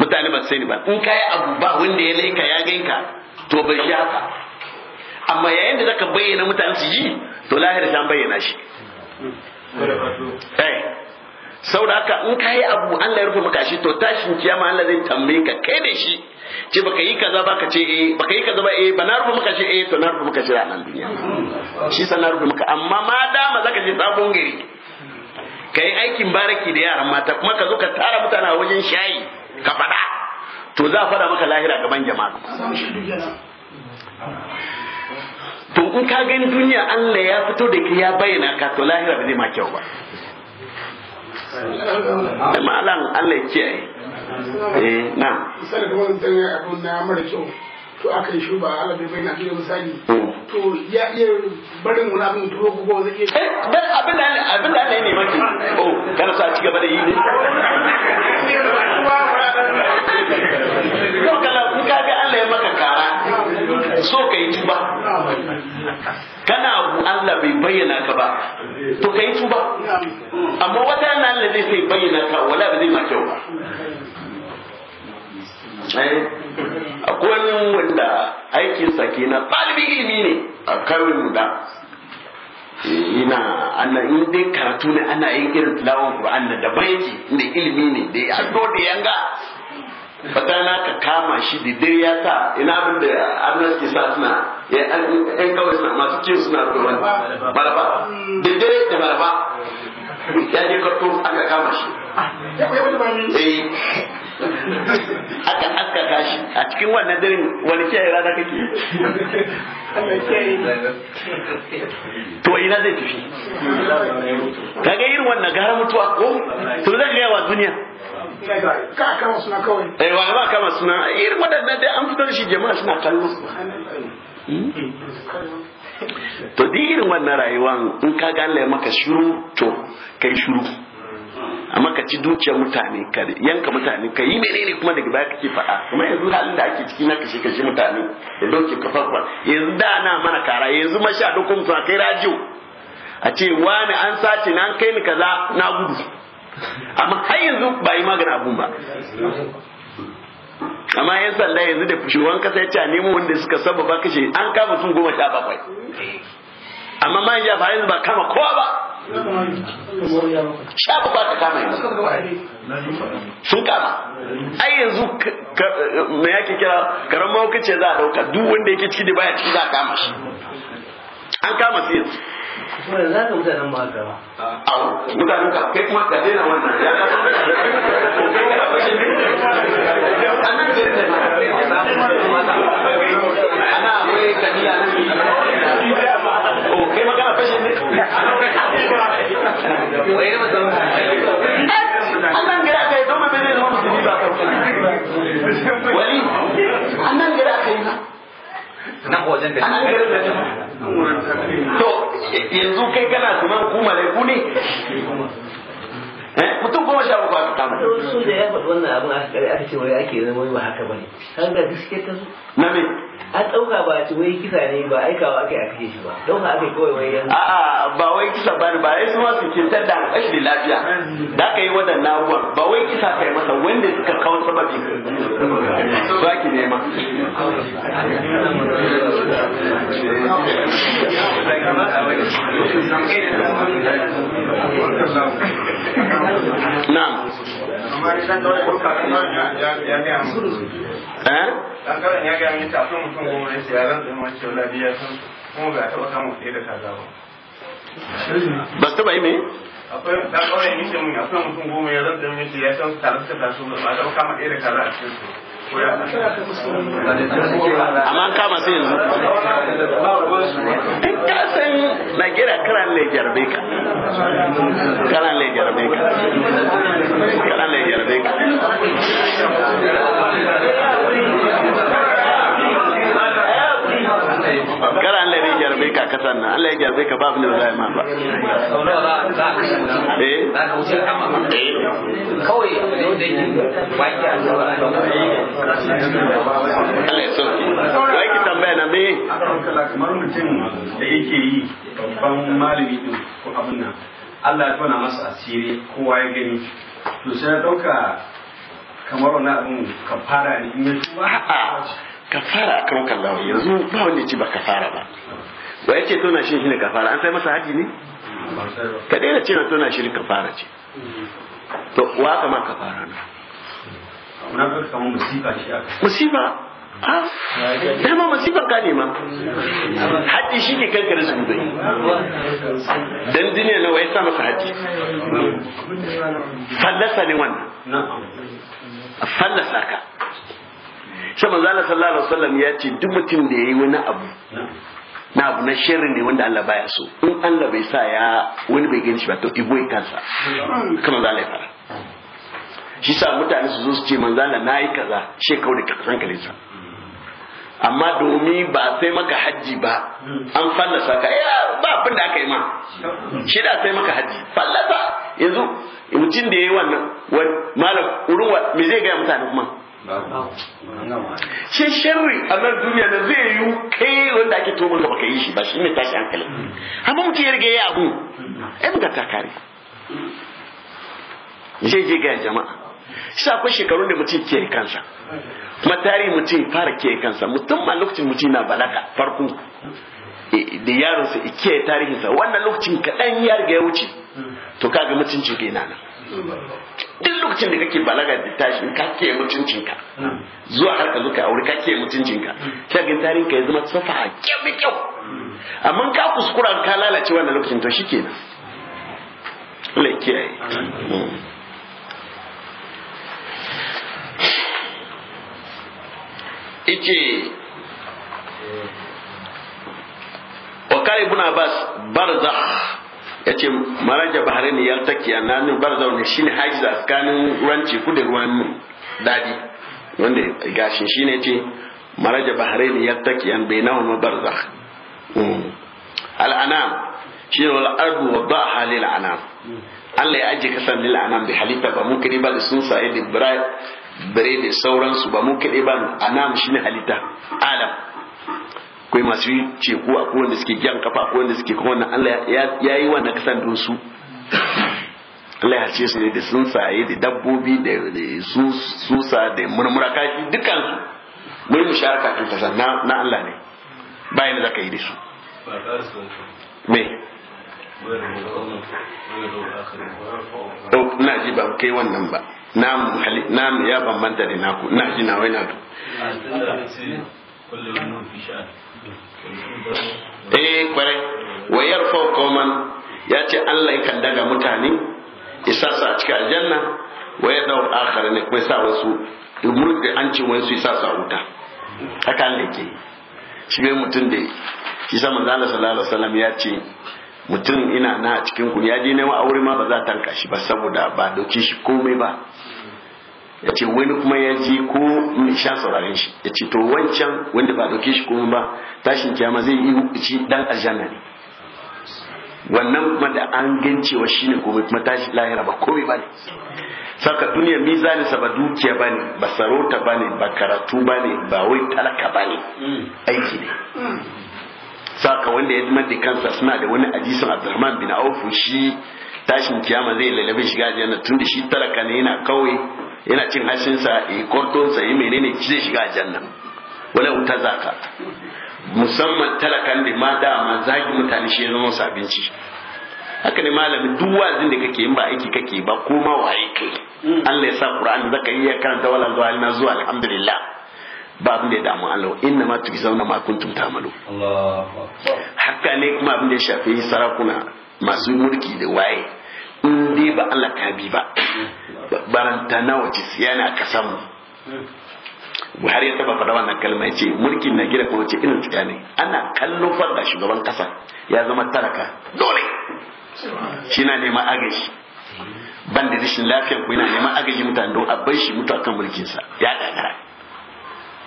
mutane ba su sani ba in kai abu ba wanda ya laika ya ganka to bai ka amma yayin da zaka bayyana mutane su ji to lahira san bayyana shi eh saboda haka in kai abu Allah ya rufe maka shi to tashin kiyama Allah zai tambaye ka kai da shi ce baka yi kaza ba ka ce eh baka yi kaza ba eh ba na rufe maka shi eh to na rufe maka shi a nan duniya shi sa na rufe maka amma ma dama zaka je sabon gari kai aikin baraki da yaran mata kuma ka zo ka tara mutane a wajen shayi ka faɗa to za a faɗa maka lahira gaban jama'a to in ka gani duniya Allah ya fito da ya bayyana ka to lahira ba zai ma ba malam Allah ya kiyaye eh na misali kuma tana abun da amara kyau to aka yi shuba Allah bai bayyana kiyar misali hmm. to ya iya barin wani abin turo ko zai ke eh bar abin da abin da Allah ya nema ki oh kana sa ci gaba da yi ne to kala in ga Allah ya maka kara so ka yi tuba kana abu Allah bai bayyana ka ba to ka yi tuba amma wata yana Allah zai sai bayyana ka wala ba zai ma kyau ba eh, akwai wanda aikin ke na ɗalibin ilimi ne a karin da eh, ina ana in dai karatu ne ana yin irin tilawar Qur'an da bayyaji inda ilimi ne da ya da yanga fatana ka kama shi da dare ya ta ina abin da annas ke sa suna yan kawai suna masu kiyo suna tsoron malaba da dare da maraba ya je karto aka kama shi eh. aka aka haskaka a cikin wannan dare wani kiyaye rana kake to ina zai tafi kaga irin wannan gara mutuwa ko to zai gaya wa duniya ka kama suna kawai eh wani ba kama suna irin waɗannan dai an fito shi jama'a suna kallo to duk irin wannan rayuwan in ka ga Allah ya maka shiru to kai shiru amma ka ci dukiyar mutane ka yanka mutane ka yi menene kuma daga baya kake faɗa kuma yanzu halin da ake ciki na kashe kashe mutane da dauke kafafuwa yanzu da na mana kara yanzu ma sha dokon kai rajiyo a ce wani an sace na an kai ni kaza na gudu amma har yanzu ba yi magana abun ba amma yan sanda yanzu da shugaban kasa ya ce a nemo wanda suka sababa kashe an kama sun goma sha bakwai amma ma yanzu ba yanzu ba kama kowa ba sha ba ka kama yanzu sun kama ai yanzu me yake kira karamar kace za a dauka duk wanda yake ciki da baya ciki za a kama shi an kama su yanzu kuma da za mutanen ka kai kuma ka daina wannan nan wajen da to yanzu kai kana kuma ku malaiku ne Eh, mutum goma sha uku aka kama su da ya faɗi wannan abin aka kare aka ce wai ake zama ba haka ba ne har da gaske ta zo na me an ɗauka ba ce wai kisa ne ba aikawa aka yi aka ce shi ba ɗauka aka yi kawai wai yanzu a'a ba wai kisa ba ne ba ya su ma su da alƙashi da lafiya da aka yi waɗannan abubuwan ba wai kisa kai masa wanda suka kawo sababi su ake nema na'am eh dan kawai ya mutum goma ya ran da mace ya san tare kama kaza a cikin su amma kama sai yanzu duk ka san nigeria karan lai jarabe ka karan lai jarabe ka karan lai jarabe ka kar Allah ne jarbe ka kasan nan Allah ya jarbe ka ba abin da ma ba eh? eh kawai Allah ya tambaya na me kamar mutum da yake yi babban malami din ko abin nan Allah ya tona masa asiri kowa ya gani to sai ya dauka kamar wani abin kafara ne in ya tuba kafara akan kallawa yanzu ba wanda ci ba kafara ba ya ce tona shi shine kafara an sai masa haji ne ka daina ce na tona shi kafara ce to wa kama kafara na musiba a ah, dama Musifa ka nema haji shi ne kankan su gudai dan duniya na wai sa masa haji fallasa ne wannan fallasa ka sai manzo Allah sallallahu alaihi wasallam ya ce duk mutum da yayi wani abu na abu na shirin ne wanda Allah baya so in Allah bai sa ya wani bai gani shi ba to iboyi kansa kuma za ya fara shi sa mutane su zo su ce manzo Allah nayi kaza kawo da hankalin kalisa amma domin ba sai maka hajji ba an fallasa ka ya eh, ba abin da aka yi ma shi da sai maka hajji fallasa yanzu mutum da yayi wannan malam wa me zai ga mutane kuma shi sharri a nan duniya da zai yi kai wanda ake tomar da baka yi shi ba shi ne tashi hankali amma mutum ya riga ya abu ai buga ta kare zai je ga jama'a shi akwai shekarun da mutum ke kansa kuma tarihi mutum fara ke kansa mutum ma lokacin mutum na balaga farko eh, da yaronsa ke tarihinsa wannan lokacin kaɗan ya riga ya wuce to kaga ce ke nan duk lokacin da kake balaga da tashi ka ke mutuncinka zuwa har ka zo ka aure ka ke ka sai ga tarin ka ya zama safa a kyau kyau amma ka kuskura ka lalace wannan lokacin to shikenan Allah ya kiyaye ice wa kai ibn abbas barzakh ya ce maraja bahari ne ya taki a zaune shi ne haji da tsakanin ruwan teku da ruwan dadi wanda gashin ne ce maraja bahari ne ya bai an bai nawa barza mm. al'anam shi ne wani ardu wa ba halin anam Allah ya ajiye kasan lil anam bi halitta ba mun kade ba da sun sa'id ibrahim bare da sauransu ba mun kade ba anam ne halitta alam akwai masu ceku akwai wanda suke gyan kafa akwai wanda suke kuma wannan Allah ya yi wannan kasan don su Allah ya ce su ne da saye da dabbobi da susa da murmura kashi dukkan su mai musharaka tun kasan na Allah ne bayan da zaka yi da su me na ji ba kai wannan ba na ya bambanta da naku na ji na wai na eh kwarai wa yarfa qauman ya ce Allah yakan daga mutane isa su a cikin aljanna wa ya dau akhar ne kuma sa wasu mulk da an ce wasu su isa a wuta haka Allah ke shi ne mutum da shi sa manzo Allah sallallahu alaihi wasallam ya ce mutum ina na a cikin ku ya je neman aure ma ba za ta tanka shi ba saboda ba dauke shi komai ba ya ce wani kuma ya ji ko sha sauraren shi ya ce to wancan wanda ba dauke shi kuma ba tashin kiyama zai yi shi dan aljanna ne wannan kuma da an gancewa shi ne kuma kuma tashi lahira ba komai ba ne saka duniya mizani sa ba dukiya ba ne ba sarauta ba ne ba karatu ba ne ba wai talaka ba ne aiki ne saka wanda ya zama da kansa suna da wani ajisan abdurrahman bin auf shi tashin kiyama zai lalabe shiga aljanna tun da shi talaka ne yana kawai yana cin hashinsa yi kordonsa yi menene zai shiga aljanna wala wuta zaka musamman talakan da ma ma zagi mutane shi zama su abinci haka ne malamin duk wazin da kake yin ba aiki kake ba ko ma waye kai Allah ya sa Qur'an zaka ya karanta wala zuwa na zuwa alhamdulillah ba abin da ya damu Allah inna ma tukizawna ma kuntum ta'malu haka ne kuma abin da ya shafi sarakuna masu mulki da waye in dai ba Allah ta bi ba baranta na wace siyana a kasan mu Buhari ya taba faɗa wannan kalma ya ce mulkin na gida ko wace irin tsiya ne ana kallon farda shugaban kasa ya zama taraka. dole shi na neman agaji ban da rashin lafiya ko yana neman agaji mutane don a bar shi mutu akan mulkinsa ya gagara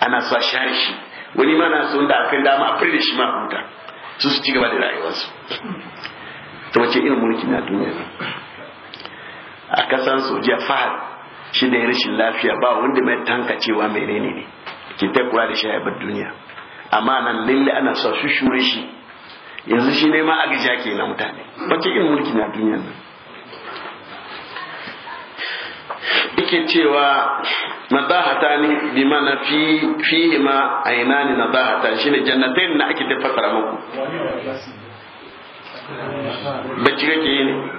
ana so a share shi wani ma na so da akan dama a fure shi ma huta su su ci gaba da rayuwarsu ta wace irin mulki na duniya ne a kasan sojiya fahad shi da rashin lafiya ba wanda mai tanka cewa menene ne ki ta kula da shi a duniya amma nan lalle ana sa su shure shi yanzu shi ne ma a gaja ke na mutane ba cikin mulki na duniya nan ike cewa nadahata ne bi mana fi fi ma aina ne nadahata ne jannatain na ake ta fasara muku bacci ke yi ne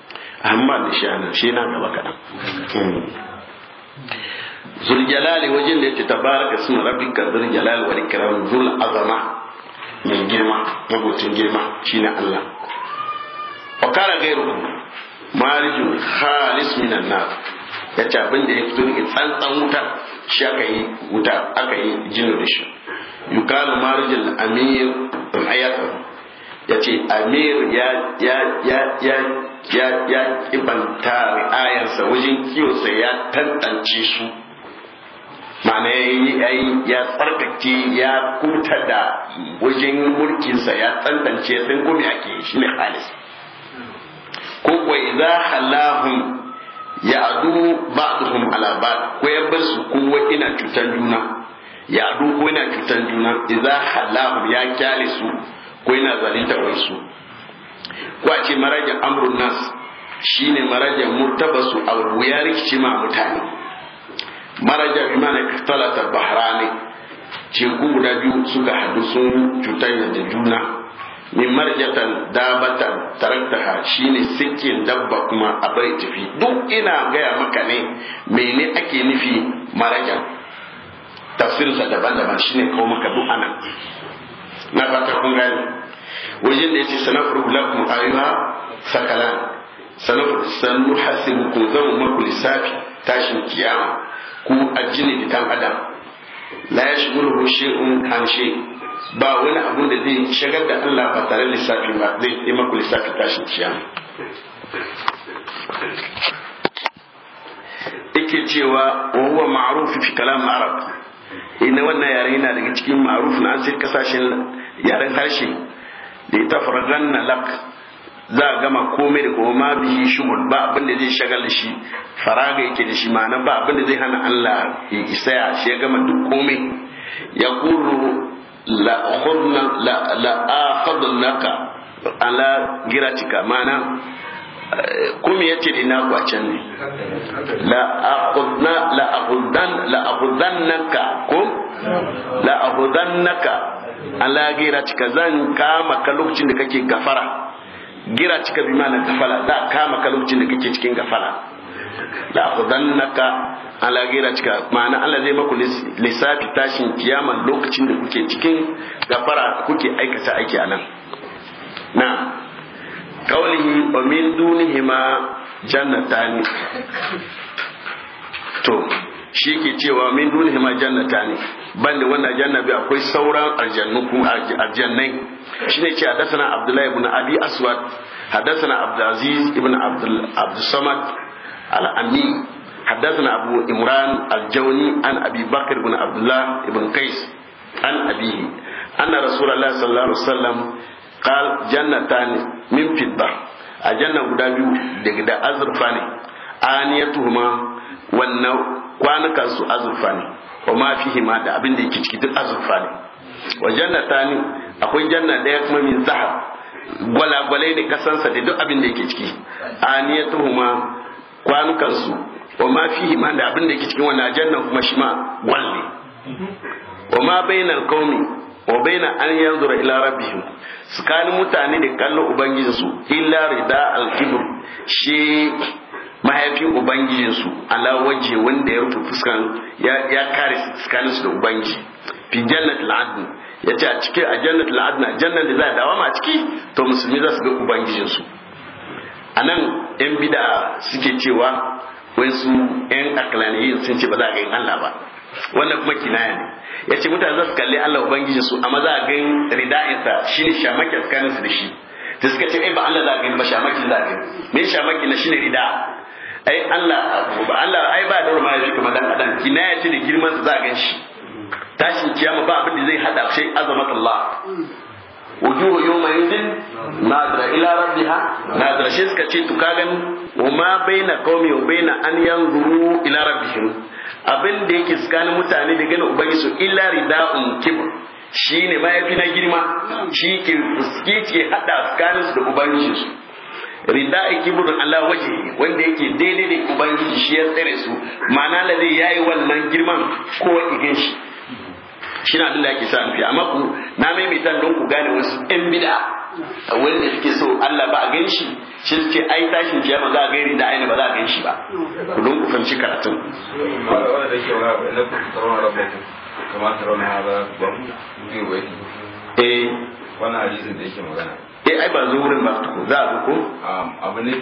amma da shi anan shi na gaba kaɗan hmm. jalali wajen da yake tabaraka sun rabbika zuljalali wal ikram zul azama mai girma mabutin girma shine Allah wa kana gairu marijun khalis minan nar ya ce abin da ya fito tsantsan wuta shi aka yi wuta aka yi jinnu da shi yukalu marijin amir ayatan ya ce amir ya ya ya ya ya ya kibanta ra'ayansa wajen kiyosa ya tantance su ma'ana ya yi ya tsarkake ya kuta da wajen mulkinsa ya tantance sun gumi ake shi ne halis ko kuwa idza halahum ya adu ba'dhum ala ba'd ko ya bar su kowa ina cutan juna ya adu ko ina cutan juna idza halahum ya kyale su ko yana zalinta wasu ko a ce marajin amrun nas shine marajin murtabasu a wuya rikici ma mutane marajin bi mana iftalata bahrani teku guda biyu suka hadu sun cuta da juna min marjatan dabata taraktaha shine sikin dabba kuma a bari tafi duk ina gaya maka ne mene ake nufi marajan tafsirinsa daban-daban shine kawo maka duk anan na fata kun gani wajen da yace sanafru lakum ayyuha sakalan sanafru sanu hasibukum zan muku lissafi tashin kiyama ku ajini da dan adam la yashghuluhu shay'un an shay ba wani abu da zai shagar da Allah ba tare lissafi ba zai yi maku lissafi tashin kiyama ike cewa wa huwa fi kalam arab inda wannan yare yana daga cikin ma'ruf na an sai kasashen yaren harshe da ya tafarran na lak za a gama komai da kuma ma bihi shumul ba abin da zai shagal shi faraga yake da shi ma'ana ba abin da zai hana Allah ya isa ya shi ya gama duk komai ya kuru la'akhadnaka ala giratika ma'ana eh, kuma ya ce ina kwacen ne la la la akhudna akhudan akhudannaka kum la akhudannaka Allah gira cika zan kama ka lokacin da kake gafara gira cika bi mana gafala da kama ka lokacin da kake cikin gafara la khudannaka ala gira cika ma'ana Allah zai maku lissafi tashin kiyama lokacin da kuke cikin gafara kuke aikata aiki a nan. na kaulihi wa min dunihima jannatani to shi ke cewa min dunihima jannatani ban da wannan aljanna akwai sauran aljannu kuma shi ne ce hadathana abdullahi ibn abi aswad hadathana abdulaziz ibn abdul Samad al-ami حدثنا أبو إمران الجوني عن أبي بكر بن عبد الله بن قيس عن أبيه أن رسول الله صلى الله عليه وسلم قال جنتان من فضة aljanna guda biyu daga da azurfa ne aniyatuhuma wannan kwanukan su azurfa wa ma fihi ma da abin da yake ciki duk azurfa ne wa jannatani akwai janna daya kuma min zahab gwalagwalai ne kasansa da duk abin da yake ciki aniyatuhuma kwanukan su wa ma fihi ma da abin da yake cikin wannan janna kuma shi ma gwal ne wa ma bainal qaumi wa baina an yanzura ila rabbihim tsakanin mutane da kallon ubangijinsu illa rida al-kibr shi Mahaifin ubangijinsu ala waje wanda ya rufe fuskan ya kare fuskaninsu da ubangiji fi jannat al'adn ya ce a cikin a jannat al'adn jannat da za a dawama a ciki to musulmi za su ga ubangijinsu a nan yan bida suke cewa wai su yan akalaniyin sun ce ba za a ga Allah ba wannan kuma kinaya ne ya ce mutane za su kalli Allah ubangijinsu amma za a ga rida'insa ne shamakin fuskaninsu da shi da suka ce ba Allah za a gani ba shamakin za a gani me shamakin na Shi ne rida ai Allah ba Allah ai ba da rumaya shi kuma dan adam kinaya ce da girman sa za ga shi tashin kiyama ba abin da zai hada shi azamat Allah wujuhu yawma yudin nadra ila rabbiha nadra shi suka ce to kaga wa ma baina qaumi wa baina an yanzuru ila rabbihim abin da yake tsakanin mutane da ubangi su illa rida'un kibr shine mayafi na girma shi ke fuske ke hada su da su ridda'i kiburin Allah waje wanda yake daidai da ubangiji shi ya tsare su ma'ana lalle yayi wannan girman ko igin shi na abin da ake sa amfi amma ku na maimaita don ku gane wasu ɗan bid'a wanda suke so Allah ba a gan shi shi suke ai tashin ba za a gani da aini ba za a gan shi ba ku don ku fahimci karatun eh. wannan hadisin da yake magana eh ai ba zo wurin ba tuku za a zo ko abu ne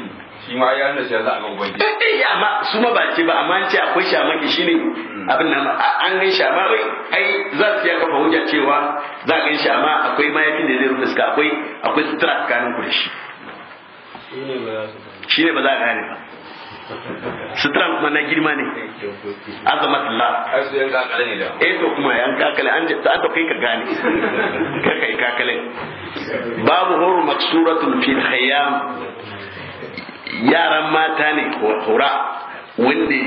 shi ma ya nace za a ga ubangiji eh, eh amma su ma ba ce ba amma an ce akwai shamaki shine hmm. abin nan an ga shama bai ai za su ya kafa hujja cewa za a gan shama akwai mayafin da zai rufe suka akwai akwai sutura kanin ku da shi shine ba za a gane ba suturan kuma na girma ne azamat la eh to kuma yan kakale an ta an kai ka gane ka kai kakale babu huru maksuratun fil khayam yaran mata ne hura wanda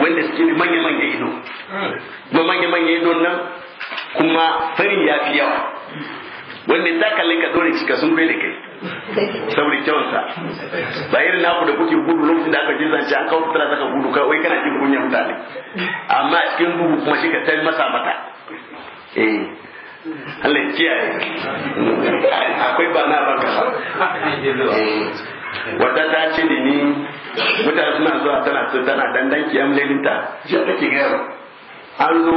wanda suke manya manya ido kuma manya manya ido nan kuma fari ya fi yawa wanda ta kalle ka dole cika sun bai da kai saboda kyawansa ba irin naku da kuke gudu lokacin da aka ji zance an kawo fitina saka gudu kai wai kana jin kunya mutane amma cikin gudu kuma shi ka tai masa mata eh Allah ya kiyaye akwai ba na ban kasa eh. wata ta ce da ni mutane suna zuwa tana so tana dandan kiyam lelinta jiya take gaya an zo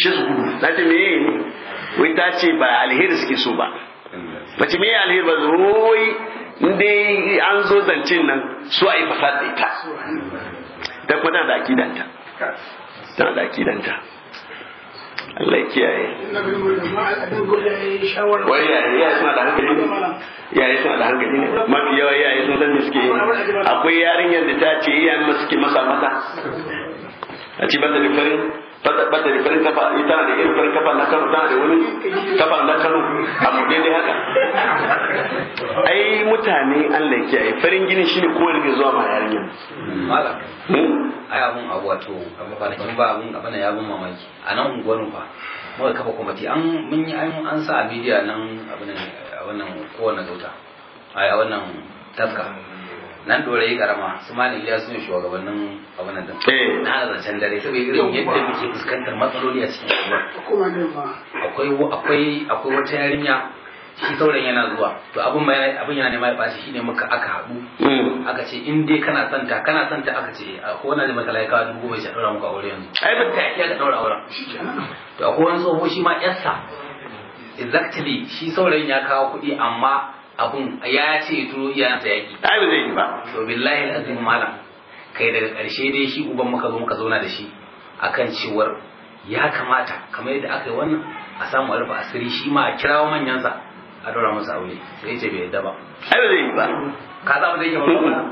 shi su gudu na ce me wai ta ce ba alheri suke so ba mace me alheri ba wai inda an zo zancen nan su a yi fasad da ita da kuna da akidanta tana da akidanta Allah ya kiyaye wai yaye suna da hankali ne yaye suna da hankali ne mafi yawa yaye sun san suke akwai yarinyar da ta ce iyayen suke masa mata a ci bata da farin bata da farin kafa ita da irin farin kafa na kano tana da wani kafa na kano a buɗe da haka ai mutane Allah ya yi farin gini shine ko ne zuwa ma yarin gini malak hmm? ai abun abu wato abu kwanakin ba abun abana ya bun mamaki a nan unguwar fa muka kafa kwamati an mun yi an sa a bidiyo nan abin wannan kowane gauta a wannan taska nan dore karama su malam ya su shugabannin abin nan din eh. na zancen dare saboda irin yadda muke fuskantar matsaloli a cikin akwai akwai akwai wata yarinya shi sauran yana zuwa to abin abin yana nema ya bashi shine muka aka haɗu hmm. aka ce in dai kana son ta kana son ta aka ce ko wani mata laika dubu bai shaɗaura muka aure yanzu ai ba ta yaki aka ɗaura auren to akwai wani tsoho shi ma yarsa exactly shi saurayin ya kawo kuɗi amma abun ya ce turo iyayensa yaki ai ba zai yi ba to billahi alazim malam kai daga karshe dai shi uban muka zo muka zauna da shi akan cewar ya kamata kamar yadda aka yi wannan a samu a rufe asiri shi ma a kirawo manyansa a dora masa aure sai ce bai yadda ba ai ba zai yi ba ka za mu zai yi ba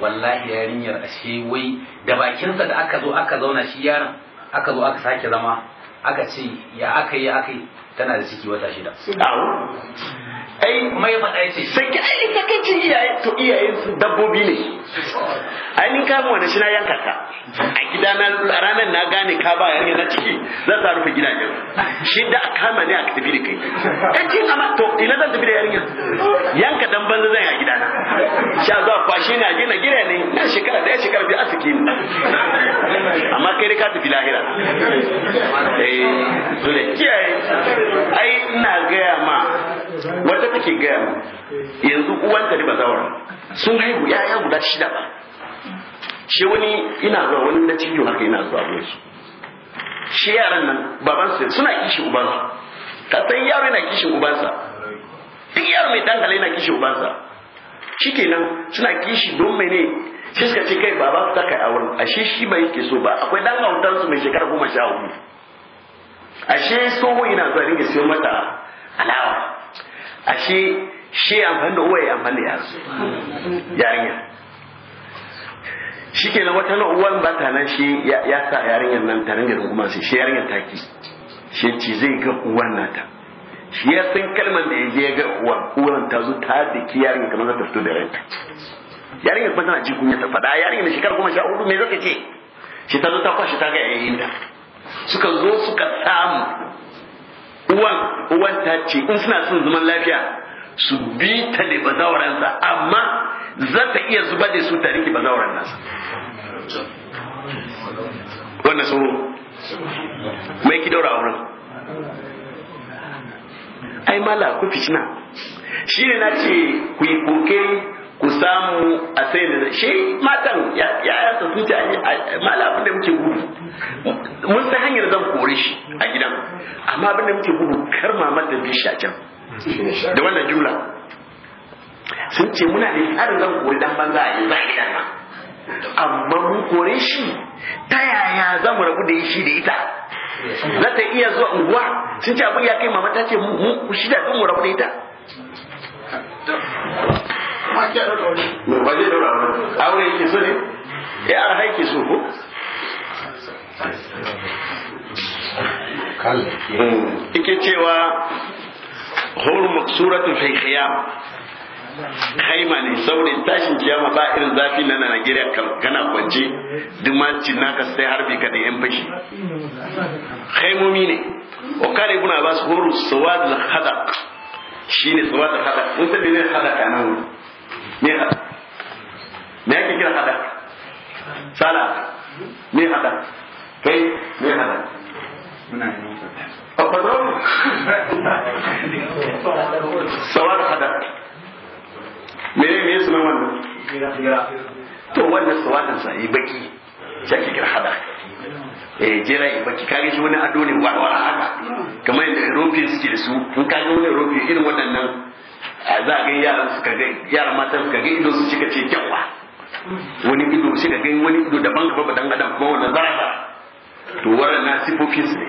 wallahi yarinyar ashe wai da bakinsa da aka zo aka zauna shi yaron aka zo aka sake zama aka ce ya aka yi aka yi tana da ciki wata shida ai mai faɗa ce ki ai ka kace iyaye to iyaye su dabbobi ne ai ni ka mu wani shi na yanka ka a gida na ranar na gane ka ba yarinya na ciki za sa rufe gidajen shi da kama ne a tafi da kai ai cin amma to ina zan tafi da yarinya yanka dan banza zan a gida sha zuwa kwashi na gina gida ne na shekara da shekara bi a saki ni amma kai da ka tafi lahira eh dole kiyaye ai ina gaya ma wata nake gaya mu yanzu uwanta da bazawara sun haihu yaya guda shida ba shi wani ina zuwa wani na cikin haka ina zuwa gurin su shi yaran nan baban su suna kishi ubansa ka san yaro yana kishi ubansa duk yaro mai dangane yana kishi ubansa shikenan suna kishi don mene shi suka ce kai baba ta kai auren ashe shi bai yake so ba akwai dan autan su mai shekara goma sha hudu ashe tsoho yana zuwa ringa siyo mata alawa ashe shi amfani da uwa ya amfani da yaro yarinya shi ke na uwan ba ta nan shi ya sa yarinyar nan ta ringa rungumar sai shi yarinyar ta ki shi ci zai ga uwan nata shi ya san kalmar da ya je ga uwan uwan ta zo ta ki yarinyar kamar za ta fito da ranta yarinyar kuma tana ji kunya ta faɗa yarinyar da shekara goma sha hudu me za ta ce shi ta zo ta kwashe ta ga yayin da suka zo suka samu uwan uwan ta ce in suna son zaman lafiya su bi ta da bazawaransa amma za ta iya zuba da su ta rike bazawaran nasa wannan tsoro mai ki daura wurin ai mala ku fitina shi ne na ce ku yi kokari ku samu a sai da shi matan ya ya ta tuta mala abin da muke gudu mun san hanyar zan kore shi a gidan amma abin da muke gudu kar mamar da bi a can da wannan jumla sun ce muna da tsarin zan kore dan banza a yanzu a gidan nan amma mun kore shi ta yaya za mu rabu da shi da ita za ta iya zuwa unguwa sun ce abin ya kai mamata ce mu shi da mu rabu da ita aure yake so ne ya arha yake so ko ike hmm. cewa horo maksuratun fi khiyam kaima ne saboda tashin kiyama ba irin zafi na Najeriya kana kwance dumanci naka sai harbi ka da yan fashi kaimomi ne wa kare ibn abbas horo suwad al hadaq shine suwad al hadaq mun ne hadaq anan me hada me yake kira hada sala me hada kai me hada muna yin fadon sawar hada me me yasa nan wannan to wannan sawadan sa yi eh, baki sai kira hada eh jera yi eh, baki kage shi wani ado ne warwara haka kamar yadda european suke da su in kage wani european irin waɗannan a za a ga yaran suka ga yaran mata suka ga ido su cika ce kyawa wani ido suka ga wani ido daban ka ba dan adam kuma wannan ba to wannan na sifofin su ne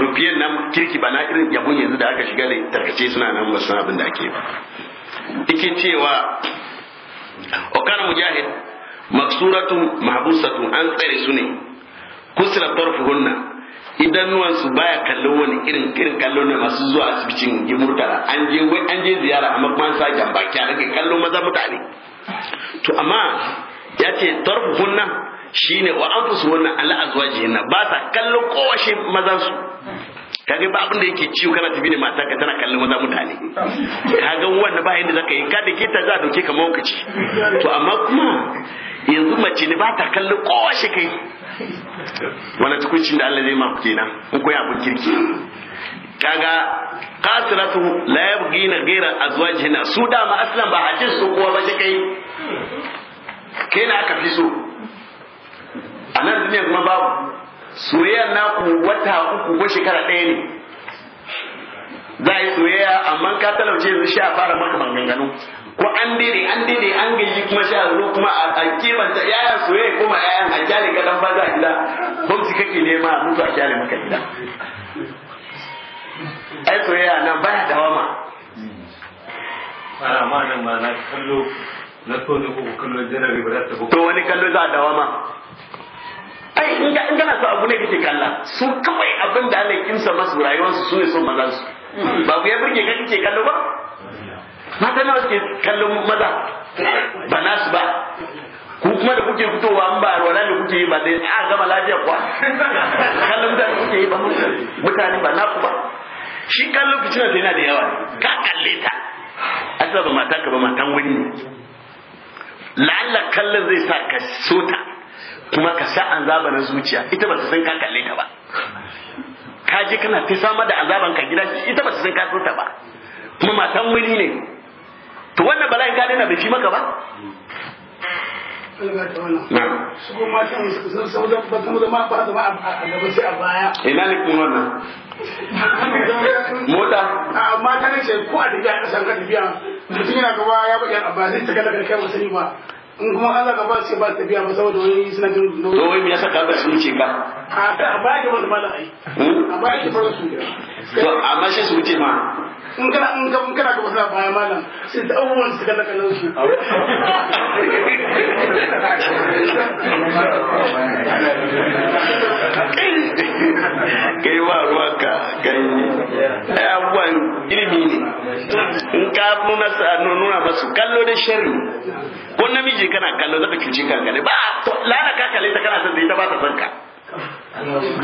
rufiyar nan kirki ba na irin yabon yanzu da aka shiga da tarkace suna nan ba san abin da ake ba Ikin cewa okan mujahid maksuratu mahbusatun an tsare su ne kusra tarfuhunna idanuwansu baya kallon wani irin irin kallo ne masu zuwa asibitin gimurtara an je wai an je ziyara amma kuma sa jambaki an ga kallo maza mutane to amma ya ce tarfu hunna shine wa an fusu wannan ala azwaji na ba ta kallon kowace maza su kage ba abin da yake ciwo kana tafi ne mata ka tana kallon maza mutane kaga wannan ba yanda zaka yi ka da ta za doke ka maukaci to amma kuma yanzu mace ne ba ta kallon kowace kai wani tukuncin da Allah zai maku kenan in koyi abin kirki kaga kasiratu la na ghayra azwajihinna su dama aslan ba hajjin su kuwa ba shi kai kai na aka fi so a nan duniya kuma babu soyayyar naku wata uku ko shekara ɗaya ne za a yi soyayya amma ka talauce yanzu sha fara maka maganganu ko an dade an dade an gaji kuma sha zo kuma a kimanta yayan soyayya eh, kuma yayan a kyale ka dan baza gida bamsi kake nema mutu a kyale maka gida ai soyayya nan baya dawama ana ma nan ma na kallo na so ne ko kallo jarabi ba za ta to wani kallo za a dawama ai in ga in kana so abu ne kake kalla su kawai abin da Allah ya kimsa masu rayuwarsu su ne so mazansu ba ku ya burge ka kake kallo ba mata nawa suke kallon maza ba nasu ba ku kuma da kuke fitowa an ba wala da kuke yi ba dai a gama lafiya kuwa kallon da kuke yi ba mutane ba naku ba shi kallon cina da yana da yawa ka kalle ta asala ba matan ka ba matan wani ne la'alla kallon zai sa ka so ta kuma ka sa an zaba na zuciya ita ba su san ka kalle ta ba ka je kana ta sama da azaban ka gida ita ba su san ka so ta ba kuma matan wani ne to wannan bala'in ka daina bai ci maka ba ina ne kuma wannan mota amma ta ne ce ko a tafiya a ƙasar ka tafiya mutum yana gaba ya baƙi a ba zai ta kada kai masu ba in kuma Allah ka ba shi ba tafiya ba saboda wani suna jin nauyi. Wai me yasa k'a kaga sun ce ka? A ba ki ba da malai. A ba ki ba su. To amma shi su wuce ma. in kana in ka kana ka wasa bayan malam sai da abubuwan su kalla kallon su kai ba ruwanka kai ai abubuwan ilimi ne in ka nuna sa nuna masu kallo da sharri ko namiji kana kallo zaka cuce ka kale ba to lana ka kale ta kana san da ita ba ta san ka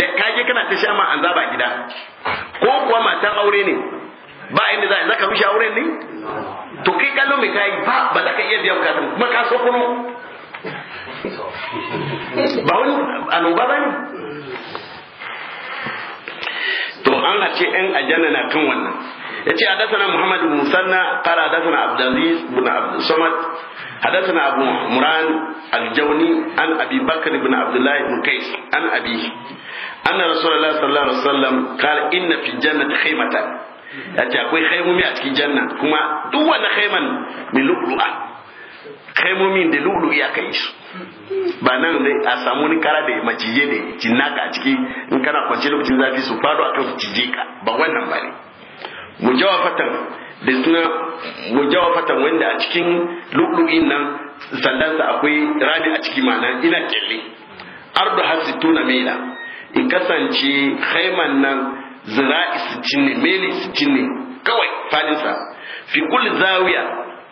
da kaje kana ta sha ma an zaba gida ko kuwa matan aure ne ba inda za zaka rushe auren ne to kai kallon mai kai ba ba za ka iya biya bukatun kuma ka so kuma ba wani annoba ba ne to an hace yan aljanna na kan wannan yace hadathana muhammad musanna abdulaziz bin ya akwai khaimomi a cikin janna kuma duk wani khaiman mai lu'lu'a khaimomi da lu'lu'i aka kai su ba nan dai a samu ni kara da majiye da jinna a ciki in kana kwance lokacin zafi su fado akan su jije ka ba wannan bane mujawafatan da suna mujawafatan wanda a cikin lu'lu'in nan sa akwai rani a ciki nan ina kelle ardu hasituna mila in kasance khaiman nan zira'i sittin ne meli sittin ne kawai fadinsa fi kulli zawiya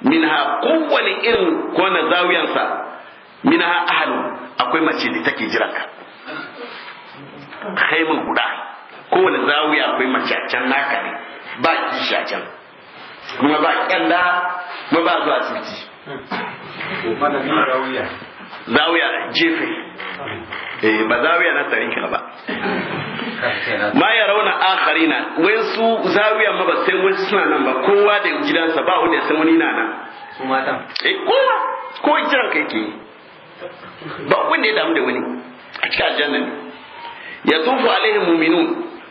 minha kowane irin kona zawiyansa minha ahalu akwai mace da take jiran ka khaimun guda kowane zawiya akwai mace a can naka ne ba kishi a can kuma ba kyanda kuma ba zuwa asibiti zawiya jefe eh, ba zawiya na tsarin ba ma ya rauna na wayansu zawiya ma ba sai wani suna nan ba kowa da gidansa ba wani ya san wani na nan su eh, kowa ko jiran kai ke ba wanda ya damu da wani a cikin aljanna ne ya tufu alaihim mu'minun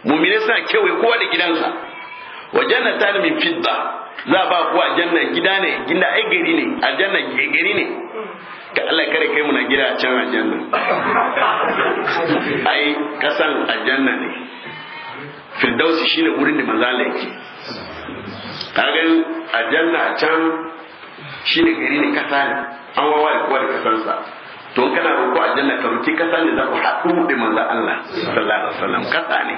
mu'minai suna kewaye kowa da gidansa wa jannatan min fidda za ba kowa janna gida ne gida ai gari ne aljanna gari ne Allah kare kai muna gida a can aljanna ai kasan aljanna ne firdausi shine wurin da manzala yake kaga aljanna a can shine gari ne kasa ne an wawa da kowa da kasansa to in kana roƙo aljanna ka roƙi kasa ne za ku haɗu da manzo Allah sallallahu alaihi wasallam kasa ne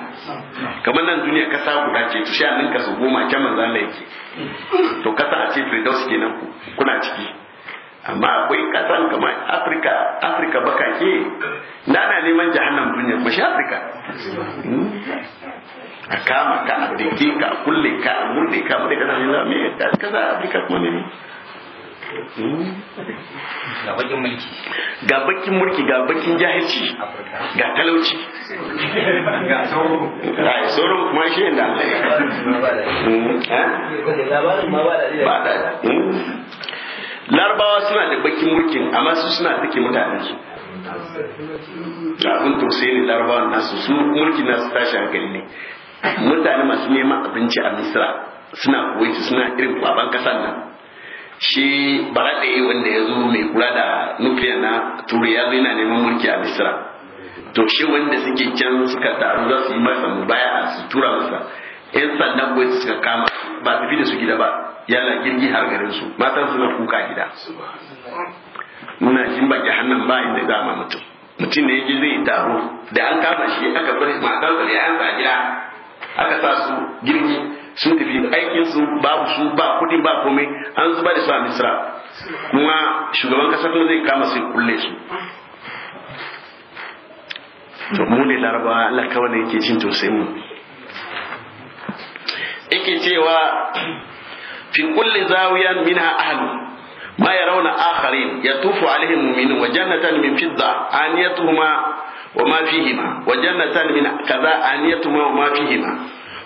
kamar nan duniya kasa guda ce to sha nan ka su goma can manzo Allah yake to kasa a ce firdausi kenan ku kuna ciki amma akwai kasan kamar afirka afirka bakake na na neman jahannan duniya mashi afirka hmm? a kama ka a dake ka a kulle ka a murde ka murde ka zama ya ta kasa afirka kuma ne hmm? ga bakin mulki ga bakin jahilci ga talauci ga talauci ga sauro kuma shi yadda ba da hmm? eh? ba da larabawa suna da bakin mulkin amma su suna take mutanen su abin sai ne larabawa nasu su mulkin nasu tashi hankali ne mutane masu neman abinci a misra suna kuwaiti suna irin kwaban kasan nan shi baraɗe wanda ya zo mai kula da nukiliya na turai ya zo yana neman mulki a misra to shi wanda suke can suka taru za su yi masa mubaya su tura masa yan sannan kuwaiti suka kama ba tafi da su gida ba yana girgi har garin su matan suna kuka gida muna jin baki hannun ba inda za ma mutum mutum ne yake zai taro da an kama shi aka bari matan su ne an sa gida aka sa su girgi sun tafi aikin su babu su ba kudi ba komai an zuba da su a misra kuma shugaban kasa kuma zai kama su kulle su to mu ne larabawa Allah kawai yake cin tosai mu yake cewa في كل زاوية منها أهل ما يرون آخرين يطوف عليهم المؤمنون وجنة من فضة آنيتهما وما فيهما وجنة من كذا آنيتهما وما فيهما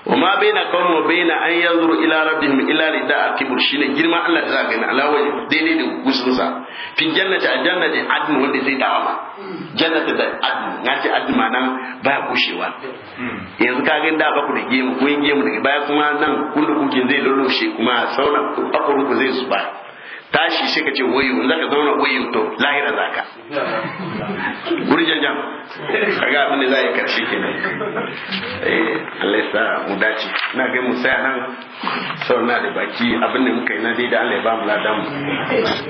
wa ma baina qawmin wa baina an yanzuru ila rabbihim illa lida akibur shine girman Allah da za ka gani alawa daidai da gusunsa fi jannati a jannati adn wanda zai dawama jannati da adn na ce adn ma nan baya kushewa yanzu ka gani da baku da gemu ko yin gemu daga baya kuma nan kullu kuke zai lullushe kuma sauran bakurun ku zai su baya tashi shi ka ce wayo in zaka zauna wayo to lahira zaka gurjan jam kaga abin da zai karshe kenan eh Allah ya sa mu dace na ga mu sai nan sau na da baki abin da muka yi na dai da Allah ya ba mu ladan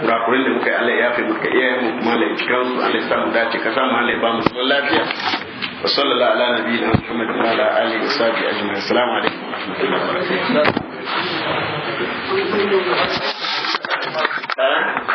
kurakurin da muka yi Allah ya yafe muka iyaye mu kuma Allah ya cikan su Allah ya sa mu dace ka sa mu Allah ya ba mu zaman lafiya wa sallallahu ala nabiyina Muhammad wa ala alihi wa sahbihi ajma'in assalamu alaikum wa rahmatullahi wa barakatuh Gracias.